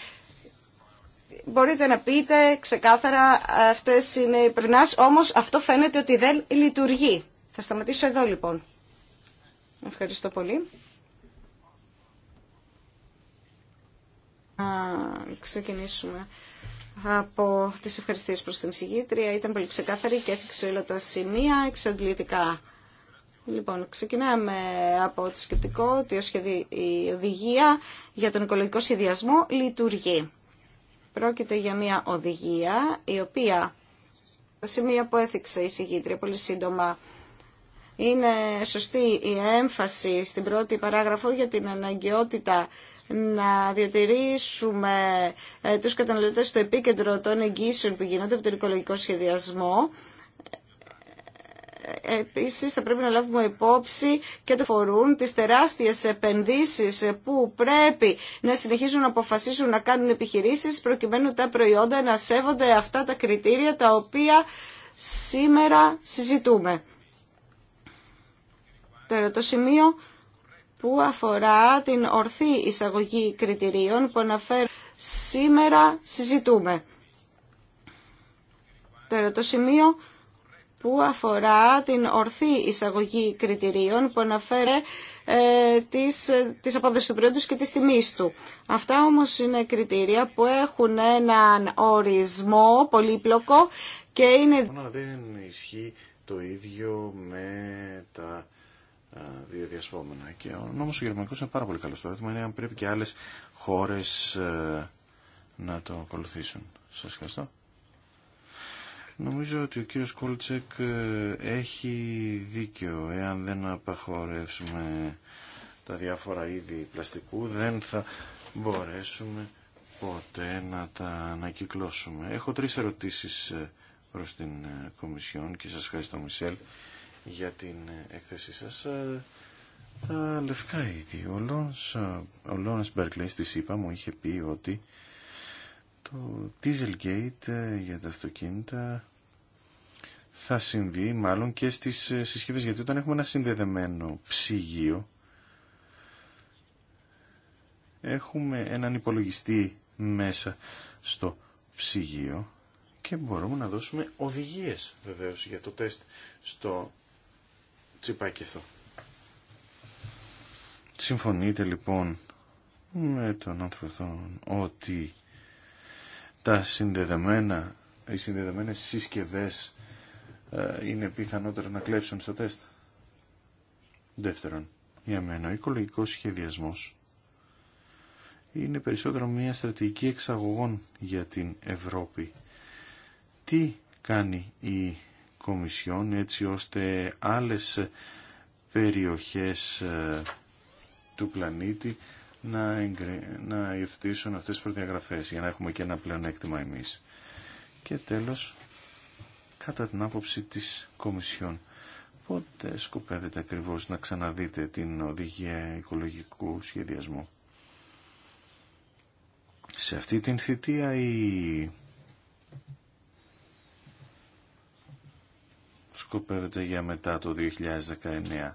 μπορείτε να πείτε ξεκάθαρα αυτές είναι οι πρινάς, όμως αυτό φαίνεται ότι δεν λειτουργεί. Θα σταματήσω εδώ λοιπόν. Ευχαριστώ πολύ. Α, ξεκινήσουμε από τις ευχαριστίες προς την συγγήτρια. Ήταν πολύ ξεκάθαρη και έφυξε όλα τα σημεία εξαντλητικά. Λοιπόν, ξεκινάμε από το σκεπτικό ότι η οδηγία για τον οικολογικό σχεδιασμό λειτουργεί. Πρόκειται για μια οδηγία η οποία, τα σημεία που έθιξε η συγκήτρια πολύ σύντομα, είναι σωστή η έμφαση στην πρώτη παράγραφο για την αναγκαιότητα να διατηρήσουμε ε, τους καταναλωτές στο επίκεντρο των εγγύσεων που γίνονται από τον οικολογικό σχεδιασμό Επίσης θα πρέπει να λάβουμε υπόψη και το φορούν τις τεράστιες επενδύσεις που πρέπει να συνεχίζουν να αποφασίσουν να κάνουν επιχειρήσεις προκειμένου τα προϊόντα να σέβονται αυτά τα κριτήρια τα οποία σήμερα συζητούμε. Τώρα το σημείο που αφορά την ορθή εισαγωγή κριτηρίων που αναφέρει σήμερα συζητούμε. Τώρα το σημείο που αφορά την ορθή εισαγωγή κριτηρίων που αναφέρεται ε, της, της απόδοσης του προϊόντος και της τιμής του. Αυτά όμως είναι κριτήρια που έχουν έναν ορισμό πολύπλοκο και είναι... Δεν ισχύει το ίδιο με τα δύο ε, διασπόμενα. Και ο νόμος ο είναι πάρα πολύ καλό Το ερώτημα είναι αν πρέπει και άλλες χώρες ε, να το ακολουθήσουν. Σας ευχαριστώ. Νομίζω ότι ο κύριος Κόλτσεκ ε, έχει δίκιο. Εάν δεν απαχωρεύσουμε τα διάφορα είδη πλαστικού δεν θα μπορέσουμε ποτέ να τα ανακυκλώσουμε. Έχω τρεις ερωτήσεις ε, προς την ε, Κομισιόν και σας ευχαριστώ Μισελ για την έκθεσή σας. Τα λευκά είδη. Ο Λόνας Μπερκλέης της είπα μου είχε πει ότι το Dieselgate ε, για τα αυτοκίνητα θα συμβεί μάλλον και στις ε, συσκευές γιατί όταν έχουμε ένα συνδεδεμένο ψυγείο έχουμε έναν υπολογιστή μέσα στο ψυγείο και μπορούμε να δώσουμε οδηγίες βεβαίως για το τεστ στο τσιπάκι αυτό. Συμφωνείτε λοιπόν με τον άνθρωπο ότι τα συνδεδεμένα, οι συνδεδεμένες συσκευές ε, είναι πιθανότερο να κλέψουν στο τεστ. Δεύτερον, για μένα ο οικολογικός σχεδιασμός είναι περισσότερο μια στρατηγική εξαγωγών για την Ευρώπη. Τι κάνει η Κομισιόν έτσι ώστε άλλες περιοχές ε, του πλανήτη να, εγκρι... να υιοθετήσουν αυτές τις προδιαγραφές για να έχουμε και ένα πλέον έκτημα εμείς. Και τέλος, κατά την άποψη της Κομισιόν, πότε σκοπεύετε ακριβώς να ξαναδείτε την οδηγία οικολογικού σχεδιασμού. Σε αυτή την θητεία ή σκοπεύετε για μετά το 2019, ε,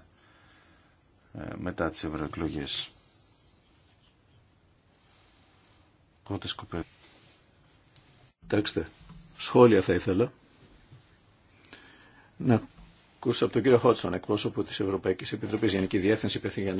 μετά τις ευρωεκλογές. πρώτη Κοιτάξτε, σχόλια θα ήθελα να ακούσω από τον κύριο Χότσον, εκπρόσωπο της Ευρωπαϊκής Επιτροπής Γενική Διεύθυνση Υπευθυγενών.